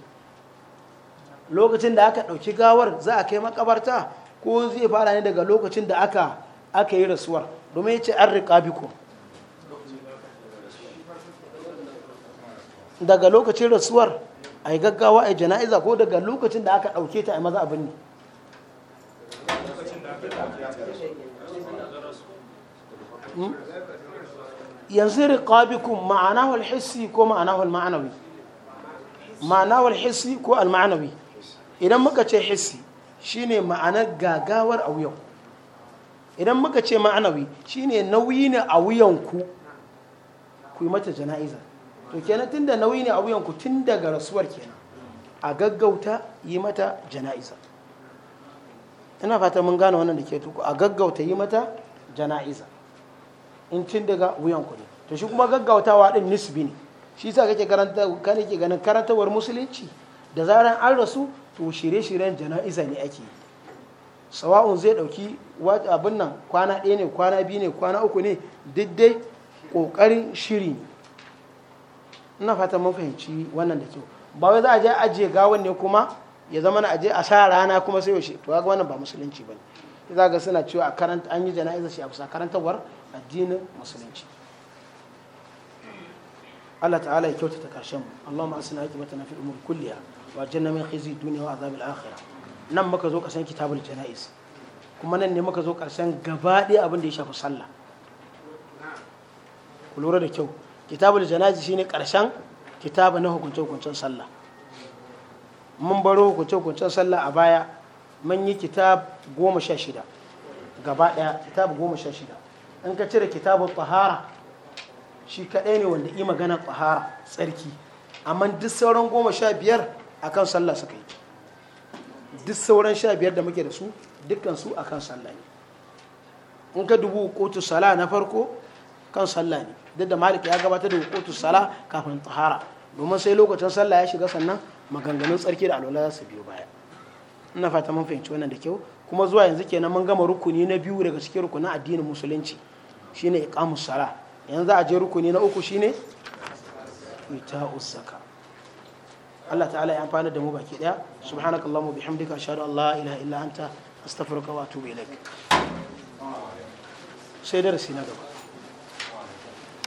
lokacin da aka ɗauki gawar za a kai makabarta ko zai fara ne daga lokacin da aka aka yi rasuwar domin ya ce an riƙa daga lokacin rasuwar a yi gaggawa a jana'iza ko daga lokacin da aka ɗauke ta a maza abin ne hmm? yanzu riƙabikun ma'anahul hissi ko ma'anahul ma'anawi ma'ana hissi ko al-ma'anawi idan muka ce hissi shine ma'anar gagawar a wuyan idan muka ce ma'anawi shine nauyi ne a wuyanku ku yi mata jana'iza to kenan tunda nauyi ne a wuyanku tun daga rasuwar kenan a gaggauta yi mata jana'iza ina fata mun gane wannan da ke tuku a gaggauta yi mata jana'iza in tun daga wuyanku ne to shi kuma gaggautawa din nisbi ne shi sa kake karanta kake ganin karantawar musulunci da zaran an rasu to shirye-shiryen jana'iza ne ake sawa'un zai ɗauki abin nan kwana ɗaya ne kwana biyu ne kwana uku ne diddai ƙoƙarin shiri ne ina fata mun fahimci wannan da kyau ba wai za a je ajiye gawan ne kuma ya zama na aje a sa rana kuma sai yaushe to ga wannan ba musulunci ba ne za ga suna cewa a an yi jana'iza shi a bisa karantarwar addinin musulunci Allah ta'ala ya kyautata karshen mu Allahumma asina aqibata na fi umur kulliya wa janna min khizi dunya wa azab al-akhirah nan muka zo karshen kitabul janais kuma nan ne muka zo karshen gabaɗe abin da ya shafi sallah ku lura da kyau kitabul janais shine karshen kitabu na hukunce hukuncin sallah mun baro hukunce hukuncin sallah a baya mun yi kitab goma sha shida gaba ɗaya kitab goma sha shida in ka cire kitabun tahara shi kaɗai ne wanda yi magana tsahara tsarki amma duk sauran goma sha biyar a kan sallah suka yi duk sauran sha biyar da muke da su dukkansu a kan sallah ne in ka dubu hukotu sala na farko kan sallah ne duk da malik ya gabatar da kotu sala kafin tahara domin sai lokacin sallah ya shiga sannan maganganun tsarki da alwala za su biyo baya ina fata mun fahimci wannan da kyau kuma zuwa yanzu kenan mun gama rukuni na biyu daga cikin rukunin addinin musulunci shine iqamus sala yanzu a je rukuni na uku shine ita'us zakat Allah ta'ala ya amfana da mu baki daya mu bihamdika ashhadu an la ilaha illa anta astaghfiruka wa atubu ilaik sai darasi na gaba